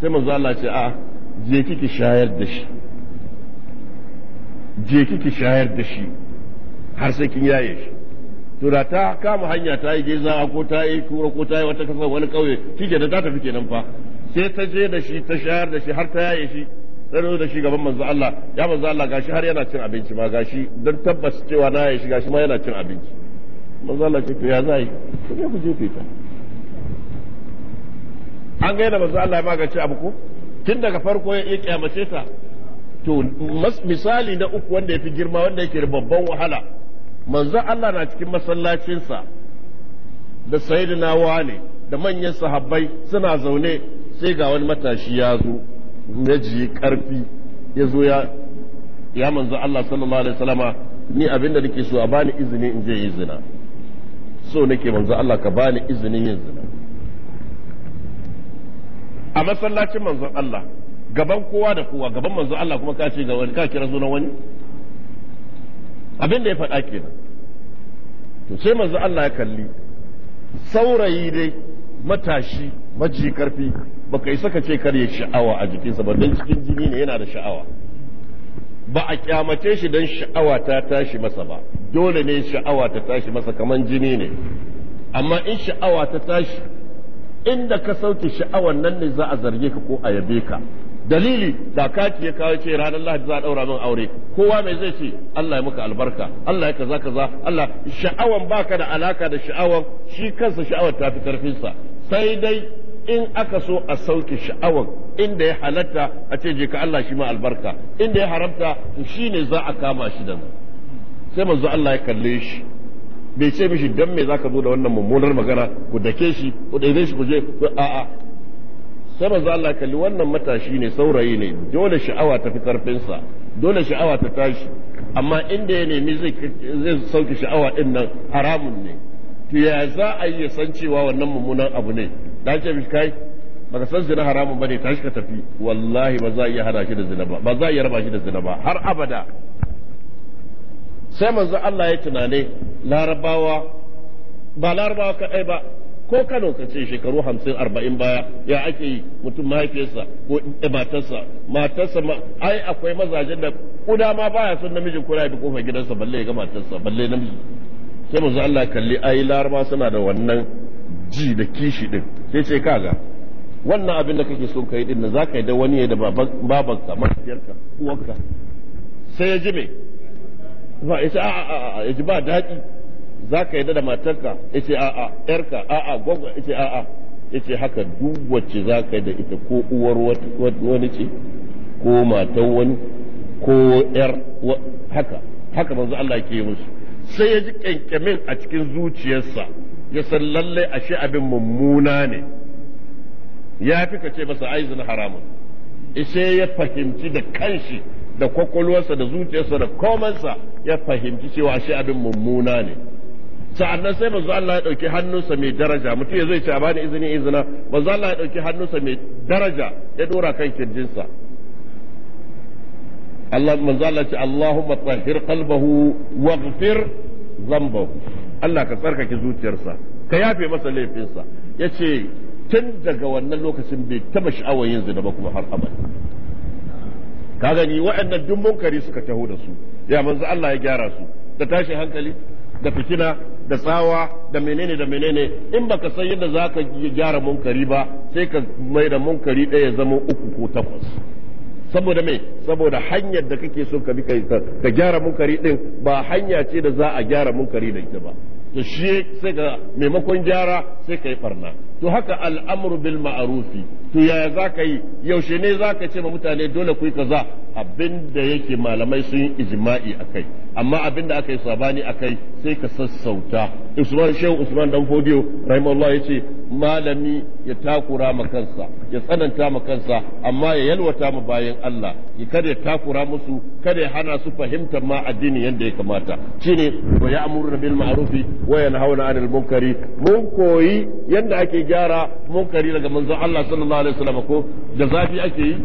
sai manzo Allah ce a je ki ki shayar da shi je kiki shayar da shi har sai kin yaye shi to da ta kama hanya ta yi geza ko ta yi kura ko ta yi wata kasa wani kauye kike da ta tafi nan fa sai ta je da shi ta shayar da shi har ta yaye shi Sai da shi gaban manzo Allah ya manzo Allah gashi har yana cin abinci ma gashi don tabbas cewa na yaye shi gashi ma yana cin abinci manzo Allah ce to ya zai ku me ku je ku ta an ga yana manzo Allah ya magance abu ko tun daga farko ya kyamace ta to misali na uku wanda ya fi girma wanda yake da babban wahala manzo Allah na cikin masallacinsa da sayyidina wale da manyan sahabbai suna zaune sai ga wani matashi ya zo ya ji karfi ya zo ya ya manzo Allah sallallahu alaihi wasallama ni abinda da nake so a bani izini in je zina so nake manzo Allah ka bani izinin yin zina a masallacin manzon Allah gaban kowa da kowa gaban manzo Allah kuma ka ce ga wani ka kira sunan wani abin da ya faɗa kenan to sai manzo Allah ya kalli saurayi dai matashi maji karfi baka isa ka ce kar ya sha'awa a jikinsa ba don cikin jini ne yana da sha'awa ba a kyamace shi don sha'awa ta tashi masa ba dole ne sha'awa ta tashi masa kaman jini ne amma in sha'awa ta tashi inda ka sauke sha'awar nan ne za a zarge ka ko a yabe ka dalili da kati ya kawo ce ranar lahadi za a daura min aure kowa mai zai ce Allah ya muka albarka Allah ya kaza kaza Allah sha'awan baka da alaka da sha'awan shi kansa sha'awar ta fi karfin sa sai dai in aka so a sauke sha'awan inda ya halatta a ce je ka Allah shi ma albarka inda ya haramta to shine za a kama shi da sai manzo Allah ya kalle shi bai ce mishi dan me zaka zo da wannan mummunar magana ku dake shi ku daide shi ku je a'a sai manzo Allah kalli wannan matashi ne saurayi ne dole sha'awa ta fi karfinsa dole sha'awa ta tashi amma inda ya nemi zai sauke sha'awa din nan haramun ne to ya za a yi san cewa wannan mummunan abu ne da ke mishi kai baka san zina haramun bane tashi ka tafi wallahi ba za a iya hada shi da zina ba ba za a iya raba shi da zina ba har abada sai manzo Allah ya tunane larabawa ba larabawa kadai ba ko kano ka ce shekaru hamsin arba'in baya ya ake yi mutum mahaifiyarsa ko matarsa matarsa ma ai akwai mazajen da kuda ma baya son namijin ko ya bi kofar gidansa balle ga matarsa balle namiji sai manzo Allah kalli ai laraba suna da wannan ji da kishi din sai ce kaga wannan abin da kake son kai din za zaka yi da wani da babanka mahaifiyarka uwarka sai ya ji me ba ya ji ba daɗi za ka yadda da matarka ita ce a'a yarka a'a gwagwa ya ce a'a ya haka duk wacce za ka yi ita ko uwar wani ce ko matan wani ko yar haka haka manzo Allah ke musu sai ya ji kyankyamin a cikin zuciyarsa ya san lallai ashe abin mummuna ne ya fi ka ce masa aizin haramun ishe ya fahimci da kanshi da kwakwalwarsa da zuciyarsa da komansa ya fahimci cewa shi abin mummuna ne sa'annan sai manzo Allah ya dauki hannunsa mai daraja mutum ya zai ce a bani izini izina manzo Allah ya dauki hannunsa mai daraja ya dora kan kirjinsa Allah manzo Allah ce Allahumma tahhir qalbahu waghfir dhanbahu Allah ka tsarkake zuciyarsa ka yafe masa laifinsa yace tun daga wannan lokacin bai taba sha'awar yin zina ba kuma har abada ka gani waɗannan duk munkari suka taho da su ya manzo Allah ya gyara su da tashin hankali da fitina da tsawa da menene da menene in baka san yadda za ka gyara munkari ba sai ka mai da munkari ɗaya zama uku ko takwas saboda me saboda hanyar da kake so ka bi ka gyara munkari ɗin ba hanya ce da za a gyara munkari da ita ba to shi sai ka maimakon gyara sai ka yi barna to haka al'amru bil ma'arufi to yaya za ka yi yaushe ne za ka ce ma mutane dole ku yi kaza abin da yake malamai sun yi ijma'i a amma abin da aka yi sabani akai sai ka sassauta usman shehu usman dan fodiyo rahimahullah ya ce malami ya takura ma kansa ya tsananta ma kansa amma ya yalwata ma bayan Allah ya kada ya takura musu kada ya hana su fahimtar ma addini yadda ya kamata shine wa ya'muru bil ma'ruf wa yanhauna 'anil munkari mun koyi yadda ake gyara munkari daga manzon Allah sallallahu alaihi wasallam ko da zafi ake yi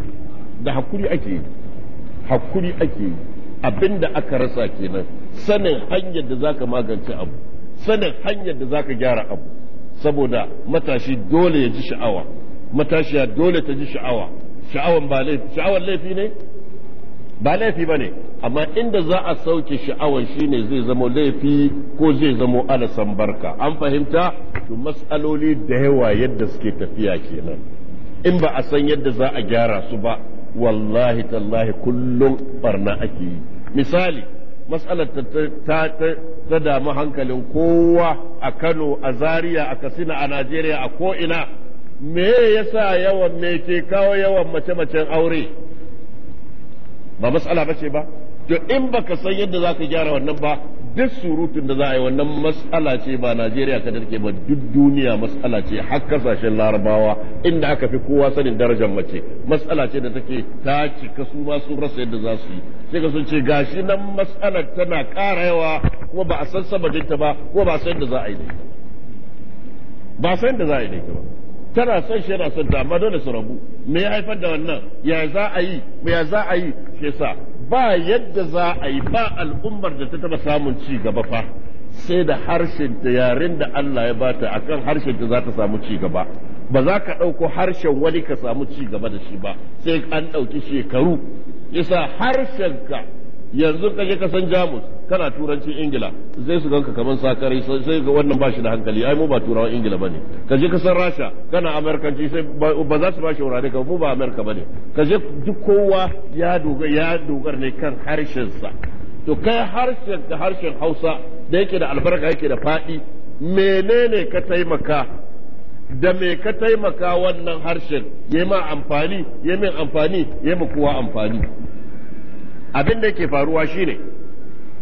da hakuri ake yi hakuri ake yi abinda aka rasa kenan sanin hanyar da zaka magance abu sanin hanyar da zaka gyara abu saboda matashi dole ya ji sha'awa matashiya dole ta ji sha'awa sha'awan ba laifi sha'awan laifi ne ba laifi ba ne amma inda za a sauke sha'awar shi ne zai zama laifi ko zai zama alasan barka an fahimta to matsaloli da yawa yadda suke tafiya kenan in ba a san yadda za a gyara su ba wallahi tallahi kullum barna ake yi misali matsalar ta ta damu hankalin kowa a kano a zaria a katsina a najeriya a ko'ina me yasa yawan me ke kawo yawan mace-macen aure ba matsala mas'ala ce ba to in baka san yadda za ka gyara wannan ba duk surutun da za a yi wannan mas'ala ce ba Najeriya ka take ba duk duniya mas'ala ce har kasashen Larabawa inda aka fi kowa sanin darajar mace mas'ala ce da take ta cika su ba sun rasa yadda za su yi sai ka sun ce gashi nan mas'alar tana ƙara yawa kuma ba a san sabadinta ba kuma ba san yadda za a yi ba san yadda za a yi ba tana son shi yana son ta amma dole su rabu me ya haifar da wannan ya za a yi me ya za a yi ke sa ba yadda za a yi ba al'ummar da ta taba samun ci gaba fa sai da harshen ta yaren da Allah ya bata akan harshen ta za ta samu ci gaba ba za ka ɗauko harshen wani ka samu ci gaba da shi ba sai an ɗauki shekaru yasa harshenka yanzu ka je ka san jamus kana turanci ingila zai su ganka kaman sakari sai ga wannan ba da hankali ai mu ba turawan ingila bane ka je kasar rasha kana amerikanci sai ba za su ba wurare ka mu ba amerika bane ka je duk kowa ya dogara ya dogara ne kan harshen sa to kai harshen da harshen hausa da yake da albarka yake da faɗi menene ka taimaka da me ka taimaka wannan harshen ya ma amfani ya min amfani ya ma kowa amfani abin da yake faruwa shine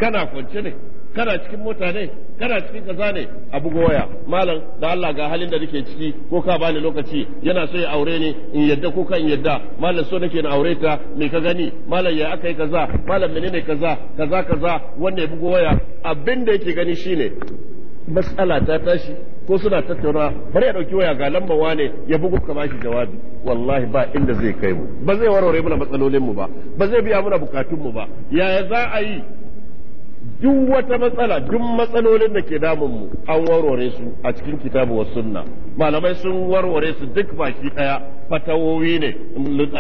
kana kwance ne kana cikin mota ne kana cikin kaza ne abu goya malam da Allah ga halin da nake ciki ko ka bani lokaci yana so ya aure ni in yadda ko kan yadda malam so nake na aure ta me ka gani malam ya aka yi kaza malam menene kaza kaza kaza wanda ya bugo waya abin da yake gani shine Mas'ala ta tashi ko suna tattauna bari ya dauki waya ga lamba wane ya bugu ka bashi jawabi wallahi ba inda zai kai mu ba zai warware mana matsalolin mu ba ba zai biya mana bukatun mu ba yaya za a yi duk wata matsala duk matsalolin da ke mu an warware su a cikin kitabu wa sunna malamai sun warware su duk baki daya fatawowi ne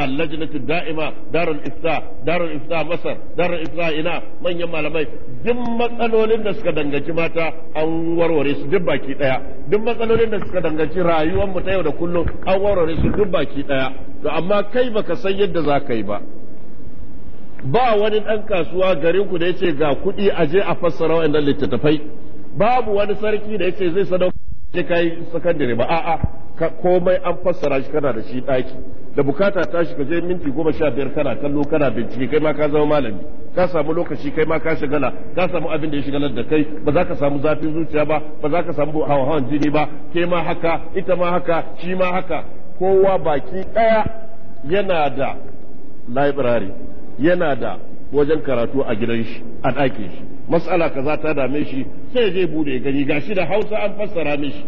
allajnatu da'ima darul ifta darul ifta masar darul ifta ina manyan malamai duk matsalolin da suka dangaci mata an warware su duk baki daya duk matsalolin da suka dangaci rayuwar mu ta yau da kullum an warware su duk baki daya to amma kai baka san yadda za ka yi ba ba wani ɗan kasuwa garinku da ya ce ga kuɗi a je a fassara wa'annan littattafai babu wani sarki da ya ce zai sadaukar da yi sakandare ba a'a komai an fassara shi kana da shi ɗaki da bukata ta shi ka je minti goma sha biyar kana kallo kana bincike kai ma ka zama malami ka samu lokaci kai ma ka shigala ka samu abin da ya shigalar da kai ba za ka samu zafin zuciya ba ba za ka samu hawan jini ba ke ma haka ita ma haka shi ma haka kowa baki ɗaya yana da library yana da wajen karatu a gidan shi a ɗakin shi matsala kaza ta dame shi sai zai bude gani gashi da hausa an fassara mishi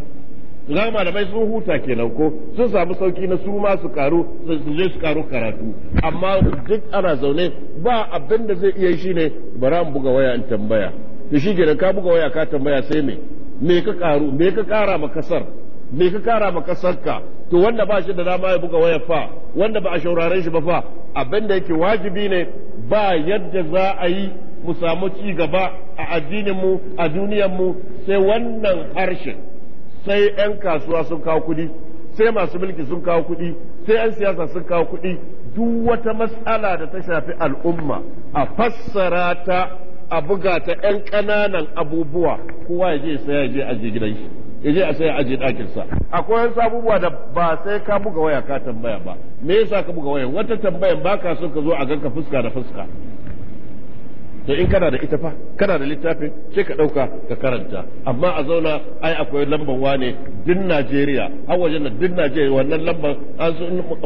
za malamai sun huta kenan ko sun samu sauki na su ma su karu su je su karu karatu amma duk ana zaune ba abin da zai iya shi ne bara mu buga waya in tambaya to shi kenan ka buga waya ka tambaya sai me me ka karu me ka kara ma kasar me ka kara ma kasar ka to wanda ba shi da dama ya buga waya fa wanda ba a shauraren shi ba fa abin da yake wajibi ne ba yadda za a yi mu samu ci gaba a addininmu a mu sai wannan harshe sai 'yan kasuwa sun kawo kudi sai masu mulki sun kawo kudi sai 'yan siyasa sun kawo kudi duk wata matsala da ta shafi al'umma a fassara ta a buga ta 'yan ƙananan abubuwa kowa ya je sai ya je a gidan shi ya je a sai aje ɗakin sa akwai wasu abubuwa da ba sai ka buga waya ka tambaya ba me yasa ka buga waya wata tambayan ba ka so ka zo a ganka fuska da fuska da in kana da ita fa kana da littafin sai ka ɗauka ka karanta amma a zauna ai akwai lambar wane din Najeriya har wajen da din Najeriya wannan lambar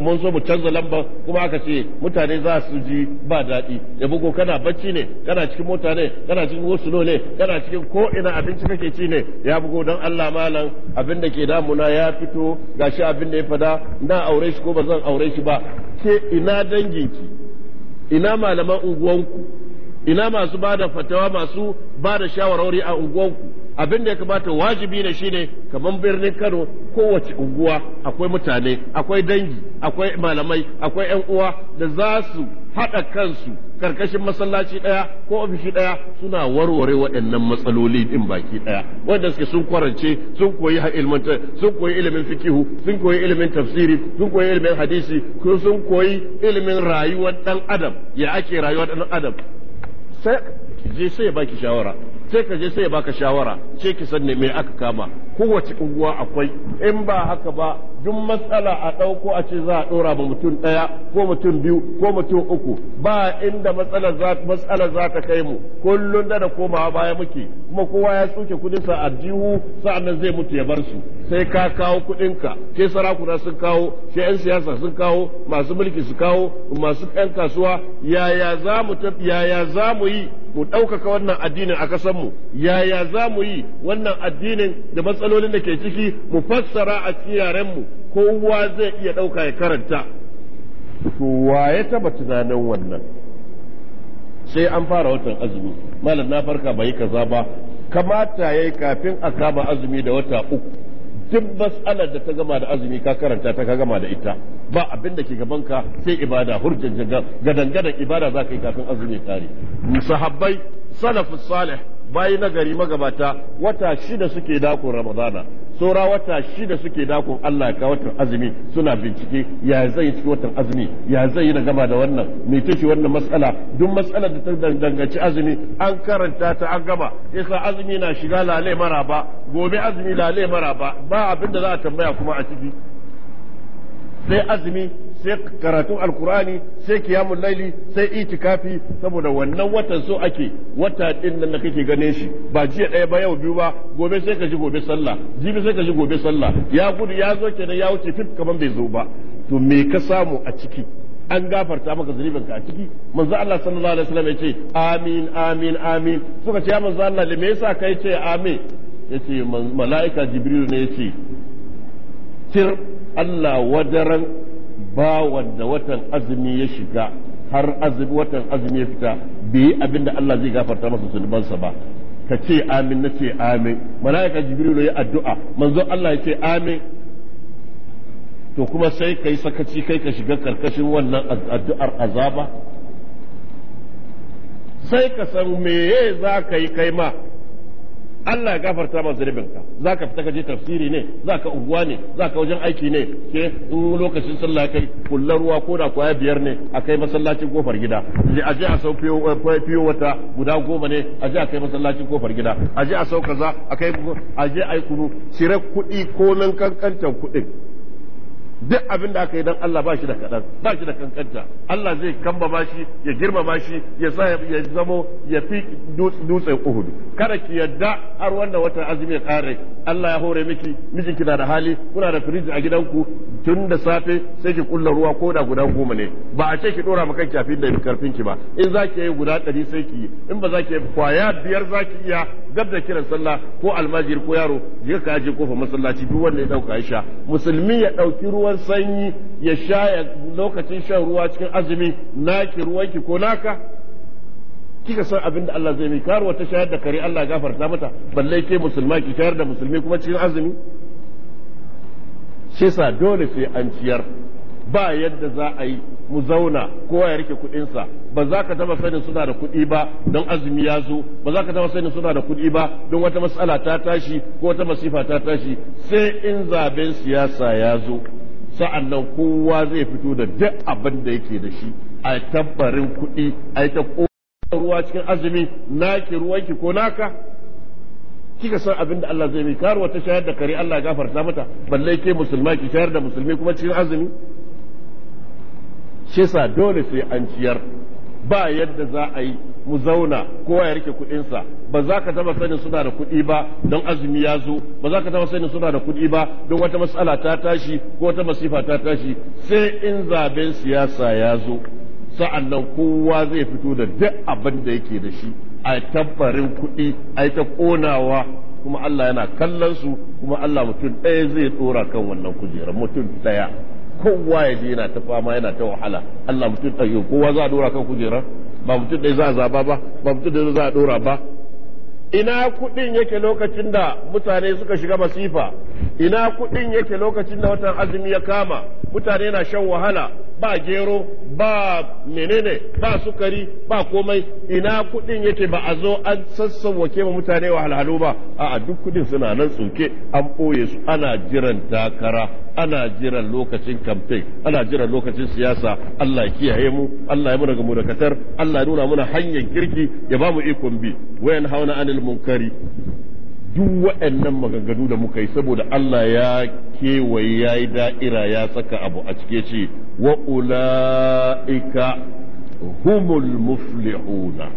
mun so mu canza lambar kuma aka ce mutane za su ji ba daɗi ya bugo kana bacci ne kana cikin mota ne kana cikin gosulo ne kana cikin ko ina abinci kake ci ne ya bugo dan Allah malam abin da ke damuna ya fito gashi abin da ya fada na aure shi ko ba zan aure shi ba ke ina danginki ina malaman unguwanku ina masu ba da fatawa masu ba da shawarwari a unguwanku abin da ya kamata wajibi ne shine kamar birnin Kano kowace unguwa akwai mutane akwai dangi akwai malamai akwai 'yan uwa da za su haɗa kansu karkashin masallaci ɗaya ko ofishi ɗaya suna warware waɗannan matsaloli ɗin baki ɗaya wanda suke sun kwarance sun koyi ilmin sun koyi ilimin fikihu sun koyi ilimin tafsiri sun koyi ilimin hadisi sun koyi ilimin rayuwar ɗan adam ya ake rayuwar ɗan adam sai je sai ya baki shawara sai ka je sai ya baka shawara sai ki san me aka kama kowace unguwa akwai in ba haka ba duk matsala a ɗauko a ce za a ɗora ba mutum ɗaya ko mutum biyu ko mutum uku ba inda matsalar za ta kai mu kullum da da komawa baya muke kuma kowa ya tsoke kudin sa a jihu sa'annan zai mutu ya bar su sai ka kawo kudin ka sai sarakuna sun kawo sai yan siyasa sun kawo masu mulki su kawo masu yan kasuwa yaya za mu yaya za mu yi mu ɗaukaka wannan addinin a kasanmu yaya za mu yi wannan addinin da matsala. matsalolin da ke ciki mu fassara a cikin yarenmu kowa zai iya ɗauka ya karanta to waye taba tunanin wannan sai an fara watan azumi malam na farka bai kaza ba kamata yayi kafin a kama azumi da wata uku duk mas'alar da ta gama da azumi ka karanta ta ka gama da ita ba abin da ke ka sai ibada hurjin gadan gadan ibada za ka yi kafin azumi tare sahabbai salafus salih bayi na gari magabata wata shida suke dakon ramadana saura wata shida suke dakon Allah ka watan azumi suna bincike ya zai cikin watan azumi ya zai yi na gaba da wannan mai shi wannan matsala duk matsalar da ta danganci azumi an karanta ta an gama yasa azumi na shiga lale maraba gobe azumi lale maraba ba abin da za a tambaya kuma a ciki sai azumi sai karatun alkur'ani sai kiyamun laili sai itikafi saboda wannan watan so ake wata din nan da kake ganin shi ba jiya ɗaya ba yau biyu ba gobe sai ka ji gobe sallah jibi sai ka ji gobe sallah ya gudu ya zo kenan ya wuce fit kaman bai zo ba to me ka samu a ciki an gafarta maka ka a ciki manzo Allah sallallahu alaihi wasallam ya ce amin amin amin suka ce ya manzo Allah me yasa kai ce amin yace mala'ika jibril ne yace tir Allah wadaran bawan da watan azumi ya shiga har azumi watan azumi ya fita bai yi abin Allah zai gafarta masa zunubansa ba ka ce amin na ce amin mala'ika jibrilu ya addu'a manzo Allah ya ce amin to kuma sai kai sakaci kai ka shiga karkashin wannan addu'ar azaba sai ka san meye za ka yi kai ma Allah ya gafarta ma zunubinka za ka fita ka je tafsiri ne za ka unguwa ne za ka wajen aiki ne ke in lokacin sallah kai kullar ruwa ko da kwaya biyar ne a kai masallacin kofar gida a je a sau eh, fiyo wata guda goma ne a je a kai masallacin kofar gida a je a sau kaza a kai a je a yi kunu cire kuɗi ko nan kuɗin duk abin da aka yi dan Allah ba shi da kaɗan ba shi da kankanta Allah zai kambama shi ya girmama shi ya sa ya zamo ya fi dutsen uhudu kada ki yadda har wanda watan azumi ya kare Allah ya hore miki mijinki na da hali kuna da firiji a gidanku tun da safe sai ki kulla ruwa ko da guda goma ne ba a ce ki dora maka kafin da karfin ki ba in za ki yi guda ɗari sai ki yi in ba za yi kwaya biyar zaki iya gab kiran sallah ko almajiri ko yaro je ka je kofa masallaci duk wanda ya dauka ya sha musulmi ya dauki ruwan sanyi ya sha ya lokacin shan ruwa cikin azumi naki ruwanki ko naka kika san abin da Allah zai mi karuwa ta shayar da kare Allah gafarta mata balle ke musulma ki shayar da musulmi kuma cikin azumi shi sa dole sai an ciyar ba yadda za a yi mu zauna kowa ya rike kuɗinsa ba za ka taba sanin suna da kuɗi ba don azumi ya zo ba za ka taba sanin suna da kuɗi ba don wata matsala ta tashi ko wata masifa ta tashi sai in zaben siyasa ya zo sa'an nan kowa zai fito da duk abin da yake da shi a tabbarin kuɗi a ta ruwa cikin azumi naki ruwanki ko naka kika san abin da Allah zai yi karuwa ta shayar da kare Allah ya gafarta mata balle ke musulma ki shayar da musulmi kuma cikin azumi shi sa dole sai an ciyar ba yadda za a yi mu zauna kowa ya rike kuɗinsa ba za ka taba sanin suna da kuɗi ba don azumi ya zo ba za ka taba sanin suna da kuɗi ba don wata matsala ta tashi ko wata masifa ta tashi sai in zaben siyasa ya zo sa'an nan kowa zai fito da duk abin da yake da shi a tabbarin kuɗi a ta ƙonawa kuma Allah yana kallon su kuma Allah mutum ɗaya zai ɗora kan wannan kujerar mutum ɗaya kowa ya je yana ta fama yana ta wahala Allah mutum ɗaya kowa za a dora kan kujera ba mutum ɗaya za a zaba ba ba mutum ɗaya za a dora ba ina kuɗin yake lokacin da mutane suka shiga masifa ina kuɗin yake lokacin da watan azumi ya kama mutane na shan wahala ba gero ba menene ba sukari ba komai ina kudin yake ba a zo an ke ma mutane wa ba a duk kudin suna nan tsoke an ɓoye su ana jiran takara ana jiran lokacin campaign ana jiran lokacin siyasa Allah ya kiyaye mu Allah ya muna ga murakatar Allah ya nuna mana hanyar kirki ya ba mu ikon bi wayan hauna anil munkari duk waɗannan maganganu da muka yi saboda Allah ya kewaye ya yi da'ira ya saka abu a cike ce wa ula'ika humul muflihuna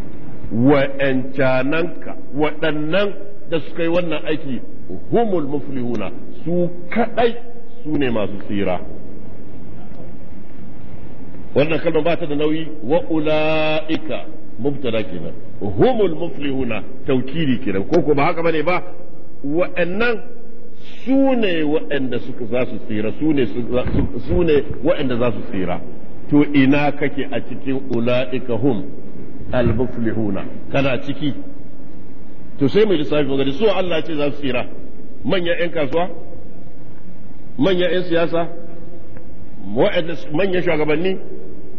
Wa'ancananka waɗannan da suka yi wannan aiki humul muflihuna su kaɗai su ne masu tsira wannan kalmar ba ta da nauyi wa ula'ika mubtada kenan humul muflihuna tawkili kenan ko ko ba haka bane ba wa'annan su ne wa'anda suka za su tsira su ne wa'anda za su tsira to ina kake a cikin ula'ika hum al muflihuna kana ciki to sai mai lissafi ga su Allah ce za su tsira manyan 'yan kasuwa manyan 'yan siyasa manyan shugabanni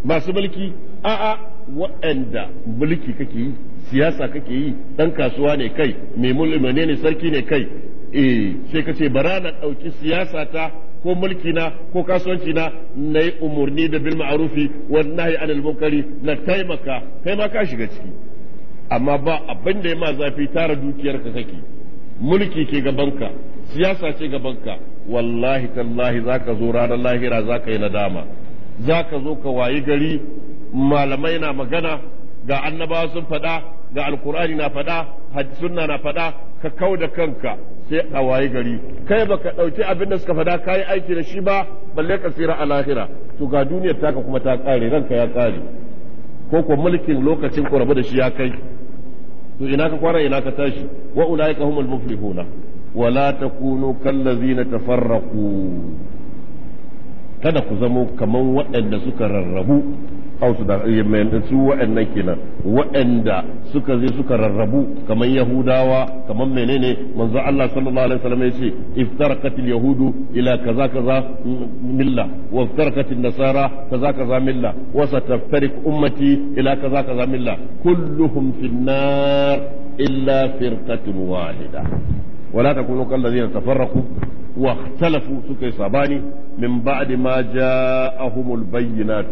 masu mulki a'a waɗanda mulki kake yi siyasa kake yi ɗan kasuwa ne kai mai mulmane ne sarki ne kai eh sai ka ce bara na ɗauki siyasa ta ko mulki na ko kasuwanci na na yi umarni da bil ma'arufi wannan ya anil munkari na taimaka kai ma ka shiga ciki amma ba abin da ya ma zafi tara dukiyar ka kake mulki ke gabanka siyasa ce gabanka wallahi tallahi zaka zo ranar lahira zaka yi nadama zaka zo ka wayi gari malamai na magana ga annabawa sun faɗa ga alkur'ani na faɗa sunna na faɗa ka kau da kanka sai a waye gari kai baka ɗauki abin da suka faɗa kayi aiki da shi ba balle ka tsira a lahira to ga duniyar taka kuma ta ƙare ranka ya ƙare ko ko mulkin lokacin ko rabu da shi ya kai to ina ka kwara ina ka tashi wa ulaika humul muflihuna wala takunu kallazina tafarraqu kada ku zamo kaman waɗanda suka rarrabu au su da su waɗannan kenan waɗanda suka zai suka rarrabu kamar yahudawa kamar menene manzo Allah sallallahu alaihi wasallam yace iftaraqat yahudu ila kaza kaza milla wa iftaraqat nasara kaza kaza milla wa sataftariq ummati ila kaza kaza milla kulluhum fin illa firqatun wahida ولا تكونوا كالذين تفرقوا واختلفوا سكي صباني من بعد ما جاءهم البينات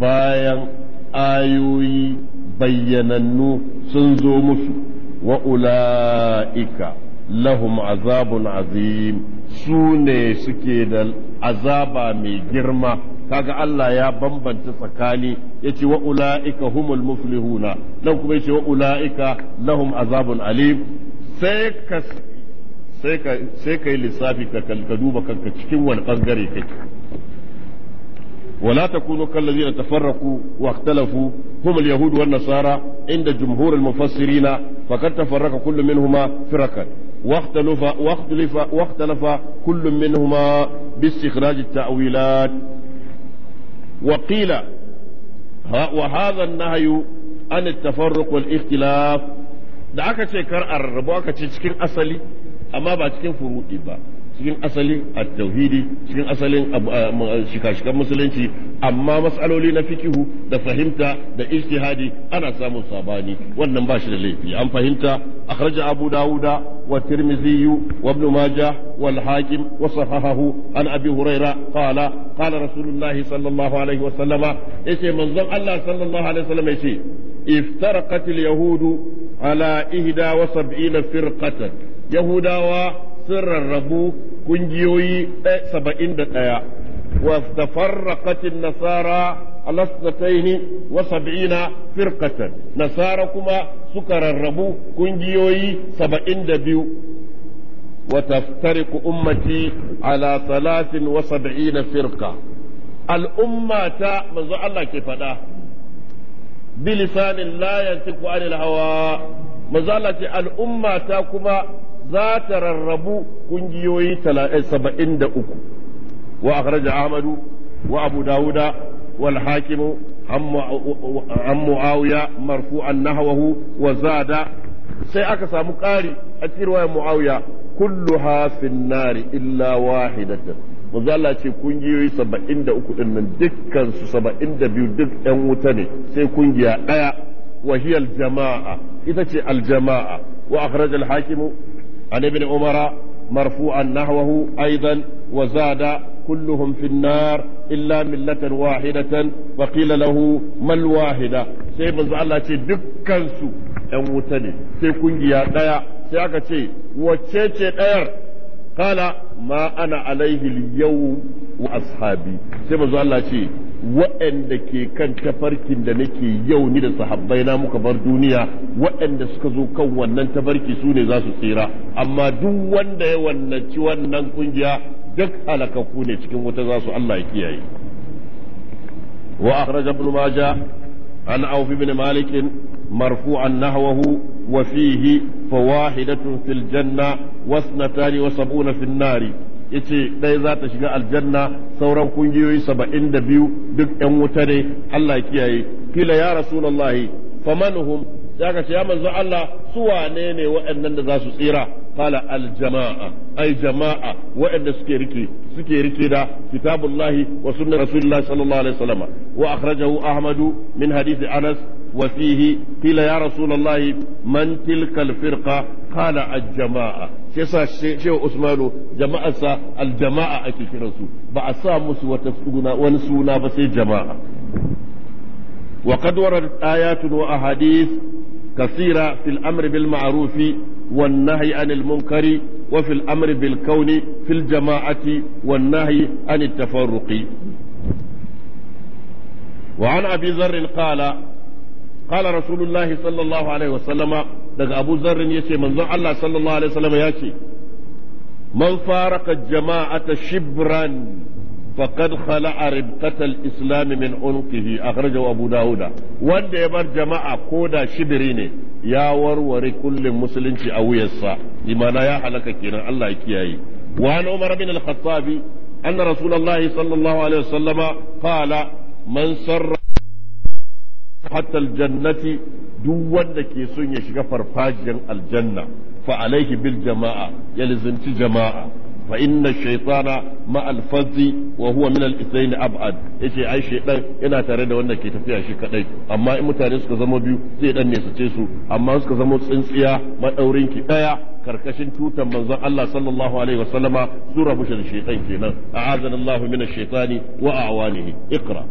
bayan ayoyi bayyanannu sun zo musu wa ula'ika lahum azabun azim su ne suke da azaba mai girma kaga Allah ya bambanta tsakani yace wa ula'ika humul muflihuna nan kuma ce wa ula'ika lahum azabun alim sai ka sai ka sai ka lissafi ka duba kanka cikin wani bangare kake ولا تكونوا كالذين تفرقوا واختلفوا هم اليهود والنصارى عند جمهور المفسرين فقد تفرق كل منهما فرقا واختلف واختلف واختلف كل منهما باستخراج التأويلات وقيل وهذا النهي عن التفرق والاختلاف دعك تشكر ce kar أصلي أما بعد ce cikin asali cikin asalin a tauhidi cikin asalin shika-shikan musulunci amma matsaloli na fikihu da fahimta da ijtihadi ana samun sabani wannan ba shi da laifi an fahimta akhraja abu dawuda wa tirmidhi wa ibn majah wal hakim wa sahahahu an abi huraira qala qala rasulullahi sallallahu alaihi wa sallama yace manzon Allah sallallahu alaihi wa sallama yace iftaraqat al-yahud ala ihda firqatan yahudawa sun rarrabu kungiyoyi saba'in da ɗaya wasu farraƙatin nasara alasdatayni wa saba'ina firkatan nasara kuma suka rarrabu kungiyoyi saba'in da biyu وتفترق أمتي على ثلاث وسبعين فرقة الأمة تا من الله كيف دا بلسان لا ينطق عن الهوى من الأمة تا كما za ta rarrabu kungiyoyi eh, saba'in da uku wa akhraja ahmadu wa abu dawuda wal hakimu an mu'awiya an nahawahu wa zada sai aka samu ƙari a cikin mu'awiya kullu hafin nari illa wahidatan manzo Allah ce kungiyoyi saba'in uku din nan dukkan su biyu duk ɗan wuta ne sai kungiya ɗaya wa hiya jama'a ita ce aljama'a wa akhraj al-hakim عن ابن عمر مرفوعا نحوه أيضا وزاد كلهم في النار إلا ملة واحدة وقيل له ما الواحدة sai manzo Allah ce dukkansu ‘yan wuta ne sai ƙungiya ɗaya sai aka ce wacce ce ɗayar qala ma ana alaihi al wa ashabi sai manzo Allah ce waɗanda ke kan tafarkin da nake yau ni da sahabbai na muka bar duniya waɗanda suka zo kan wannan tafarki su ne za tsira amma duk wanda ya wannaci wannan kungiya duk halakakku ne cikin wuta zasu Allah ya kiyaye wa akhraj ibn majah an auf ibn malik مرفوعا نحوه وفيه فواحدة في الجنة واثنتان وسبعون في النار yace ɗaya za ta shiga aljanna sauran kungiyoyi saba'in da biyu duk ‘yan wuta ne Allah kiyaye kila ya rasulallahi famanuhum ya ka ce ya manzo Allah su wane ne waɗannan da za su tsira qala al jama'a ay jama'a wa'anda suke rike suke rike da kitabullahi wa sunnar rasulillah sallallahu alaihi wasallam wa akhrajahu ahmadu min hadith anas wa fihi qila ya rasulullah man tilka al firqa qala al jama'a sai sa shehu usmanu jama'arsa al jama'a ake kiransu ba a sa musu wata suna wani suna ba sai jama'a وقد وردت آيات وأحاديث كثيرة في الأمر بالمعروف والنهي عن المنكر وفي الأمر بالكون في الجماعة والنهي عن التفرق وعن أبي ذر قال قال رسول الله صلى الله عليه وسلم لك أبو ذر يشي من manzon صلى الله عليه وسلم ya ce من فارق الجماعة شبرا faqad khala'a ribqatal islam min a akhrajahu abu dauda wanda ya bar jama'a ko da shibiri ne ya warware kullin musulunci a wuyarsa imana ya halaka kenan Allah ya kiyaye wa an umar bin al-khattabi anna rasulullahi sallallahu alaihi wasallama qala man sarra hatta al-jannati duk wanda ke son ya shiga farfajiyar aljanna fa alaihi bil jama'a ya lizinci jama'a fa inna shaytana ma alfazi wa huwa min al-ithnayn ab'ad yace ai shaytan yana tare da wanda ke tafiya shi kaɗai amma in mutane suka zama biyu zai dan ne su ce su amma suka zama tsintsiya madaurin ɗaya daya karkashin tutan manzon Allah sallallahu alaihi wasallama sura bushe da shaytan kenan a'azana Allah min ash-shaytani wa a'wanihi iqra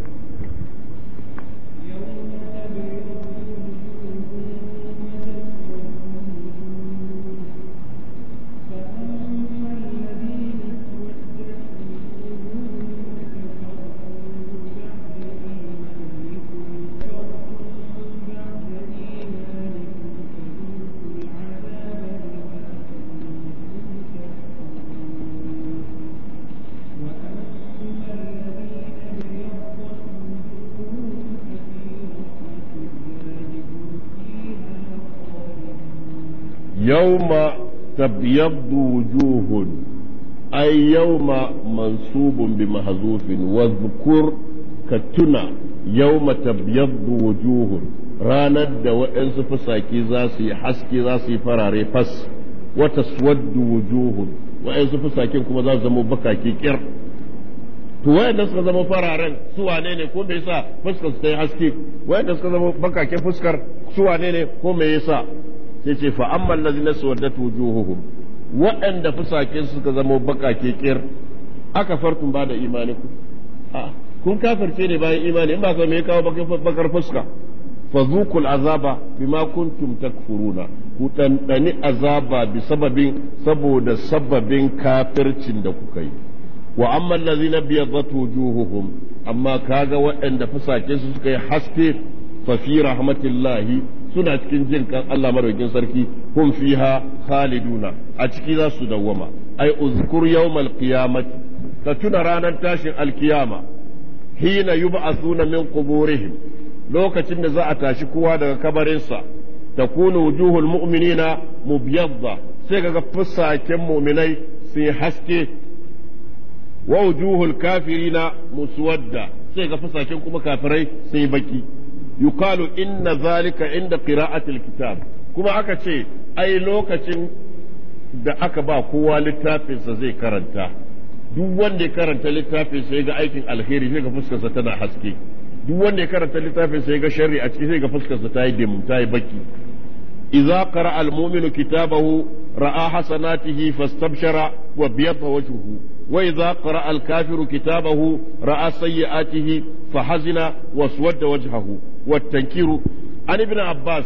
يوم تبيض وجوه أي يوم منصوب بمحذوف واذكر كتنا يوم تبيض wujuhun ranar da waɗansu fasaki za su yi haske za su yi farare fas wata swaddu wujuhun waɗansu fasakin kuma za su zama bakaki kir to waɗanda suka zama fararen su wane ne ko me yasa fuskar su ta yi haske waɗanda suka zama bakakin fuskar su wane ne ko me yasa sai ce fa amman lazina suwaddat wujuhuhum waɗanda fusaken suka zama ke kir aka farkun ba da imaniku kun kafirce ne bayan imani in ba kawo bakar fuska fa azaba bima kuntum takfuruna ku dandani azaba bi sababin saboda sababin kafircin da kuka yi wa amma allazina biyadat wujuhuhum amma kaga waɗanda fusaken su suka yi haske fa fi rahmatillahi suna cikin jin kan Allah madaukin sarki fi fiha khaliduna a ciki za su dawwama ai uzkur yawmal qiyamati ka tuna ranar tashin alkiyama hina yub'athuna min quburihim lokacin da za a tashi kowa daga kabarinsa takunu wujuhul mu'minina mubyadda sai kaga fusaken mu'minai sai haske wa wujuhul kafirina muswadda sai ga fusaken kuma kafirai sai baki yuqalu inna zalika inda qira'atil kitab kuma aka ce ai lokacin da aka ba kowa littafinsa zai karanta duk wanda ya karanta littafin sai ga aikin alheri sai ga fuskarsa tana haske duk wanda ya karanta littafin sai ga sharri a ciki sai ga fuskarsa ta yi dim ta yi baki idza qara'a al-mu'minu kitabahu ra'a hasanatihi fastabshara wa biyadda wajhuhu wa idza qara'a al-kafiru kitabahu ra'a sayyi'atihi fahazina waswadda wajhahu والتنكير عن ابن عباس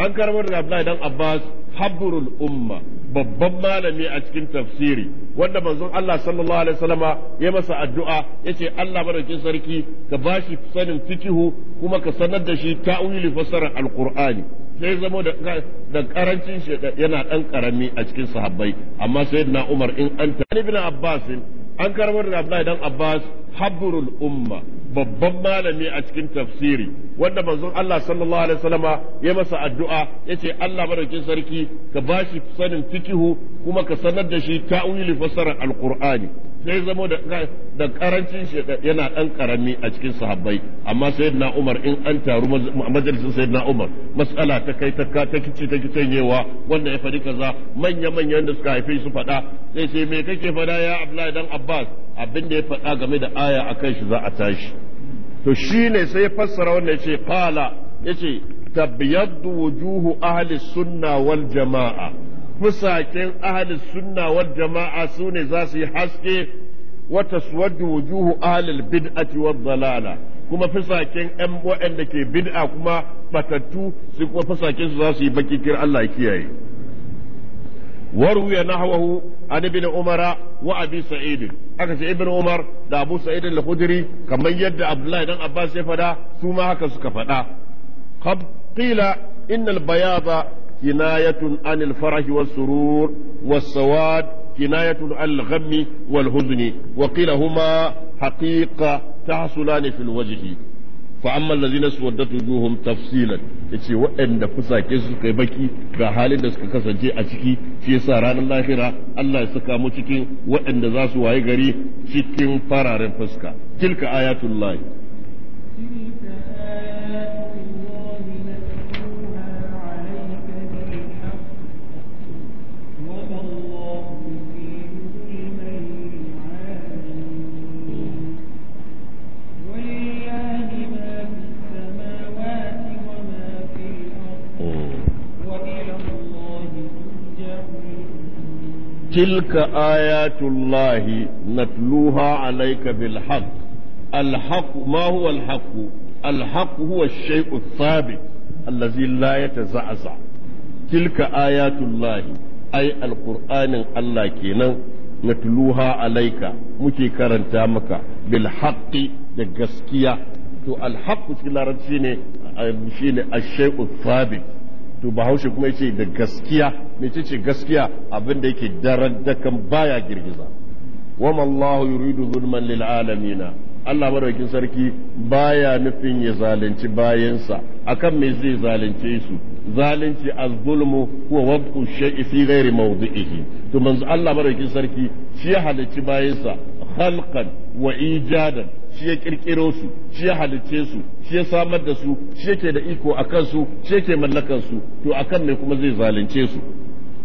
an karbar da الله dan عباس حبر umma babban malami a cikin tafsiri wanda manzon Allah sallallahu alaihi wasallama ya masa addu'a yace Allah madaukin sarki ka bashi sanin fikihu kuma ka sanar da shi ta'wili fasara alqur'ani sai zama da karancin shi yana dan karami a cikin sahabbai amma sayyidina Umar in an ta ibn Abbas an karbar da Abdullahi dan Abbas habrul umma babban malami a cikin tafsiri wanda manzon Allah sallallahu alaihi wasallama ya masa addu'a yace Allah madaukin sarki ka bashi sanin fikihu kuma ka sanar da shi ta'wili fasarar alqur'ani sai zamo da da karancin shi yana dan karami a cikin sahabbai amma sayyidina Umar in an taru majalisin sayyidina Umar mas'ala ta kai ta ta kici ta kicenyewa wanda ya fadi kaza manya manyan da suka haife su fada sai sai me kake fada ya Abdullahi dan Abbas abin da ya fada game da aya akan shi za a tashi to shi ne sai fassara wannan yace ya ce tabyaddu wujuhu ahli sunna wal jamaa fusakin ahli sunna wal jamaa ne za su yi haske wata suwaddu wujuhu ahli bid'ati wad dalala kuma fusakin ɗan waɗanda ke bid'a kuma batattu su kuma fusakin su za su yi baki Allah kiyaye وروي نحوه عن ابن عمر وابي سعيد aka ibn umar da abu sa'id al-khudri kamar yadda abdullahi dan abbas ya fada su ma haka suka fada qila innal bayada kinayatun anil farahi was surur was sawad kinayatun al ghammi wal huzni wa qila huma haqiqa tahsulani fil wajhi fa amma allazina suwaddatu juhum tafsilan yace waɗanda fusake su kai baki ga halin da suka kasance a ciki shi yasa ranar lahira Allah ya saka mu cikin waɗanda za su waye gari cikin fararen fuska tilka ayatul lahi تلك آيات الله نتلوها عليك بالحق الحق ما هو الحق الحق هو الشيء الثابت الذي لا يتزعزع تلك آيات الله أي القرآن الله كينا نتلوها عليك مكي كرنتا مكا بالحق دقسكية تو الحق سكلا شيني الشيء الثابت تو بهوش كما يشي دقسكية mecece gaskiya abin da yake daraddakan baya girgiza wama Allahu yuridu zulman lil alamina Allah madaukin sarki baya nufin ya zalunci bayansa akan me zai zalunce su zalunci az-zulmu huwa wad'u shay'i fi ghairi mawdi'ihi to manzo Allah madaukin sarki shi ya halicci bayansa khalqan wa ijadan shi ya kirkiro su shi ya halicce su shi ya samar da su shi yake da iko a kansu shi yake mallakan su to akan me kuma zai zalunce su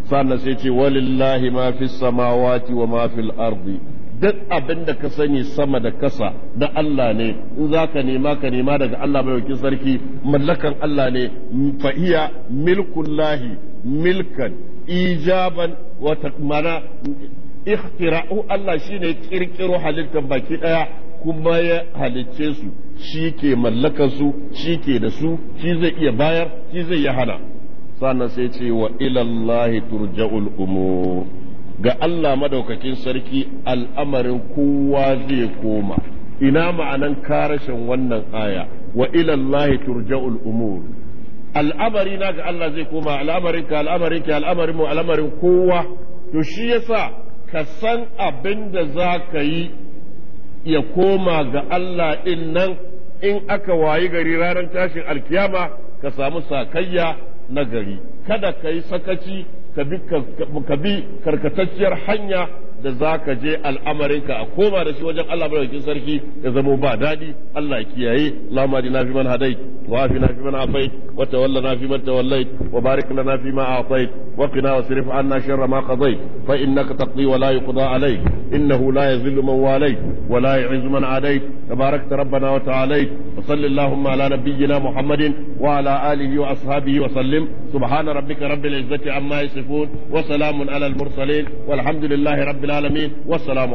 sannan sai ce walillahi ma fi samawati wa ma fil ardi duk abin da ka sani sama da kasa da Allah ne in za ka nema ka nema daga Allah mai sarki mallakan Allah ne fa'iya, milkullahi milkan ijaban wata mana ikhtira'u Allah shine kirkiro halittar baki daya kuma ya halicce su shi ke mallakan su shi ke da su shi zai iya bayar shi zai iya hana sannan sai ce wa ilallahi turja'ul umur ga Allah madaukakin sarki al'amarin kowa zai koma ina ma'anan karashin wannan aya wa ilallahi turja'ul umur al'amari na ga Allah zai koma al'amarin ka al'amarin ki al'amarin mu al'amarin kowa to shi yasa ka san abin da za ka yi ya koma ga Allah in nan in aka wayi gari ranar tashin alkiyama ka samu sakayya nagari kada ka yi sakaci ka bi karkatacciyar hanya da za ka je al'amarinka a koma da shi wajen Allah madaukakin sarki ya zamo ba daɗi Allah kiyaye lamari na fi man hadai wa fi na fi man afai wa tawalla na fi man tawallai wa barik lana fi ma atai wa qina wa sirif anna sharra ma qadai fa innaka taqdi wa la yuqda alayk innahu la yazillu man walayk wa la yu'izzu man adayk tabarakta rabbana wa ta'alayk wa salli allahumma ala nabiyyina muhammadin wa ala alihi wa ashabihi wa sallim subhana rabbika rabbil izzati amma yasifun wa salamun ala al mursalin والحمد لله رب العالمين العالمين والسلام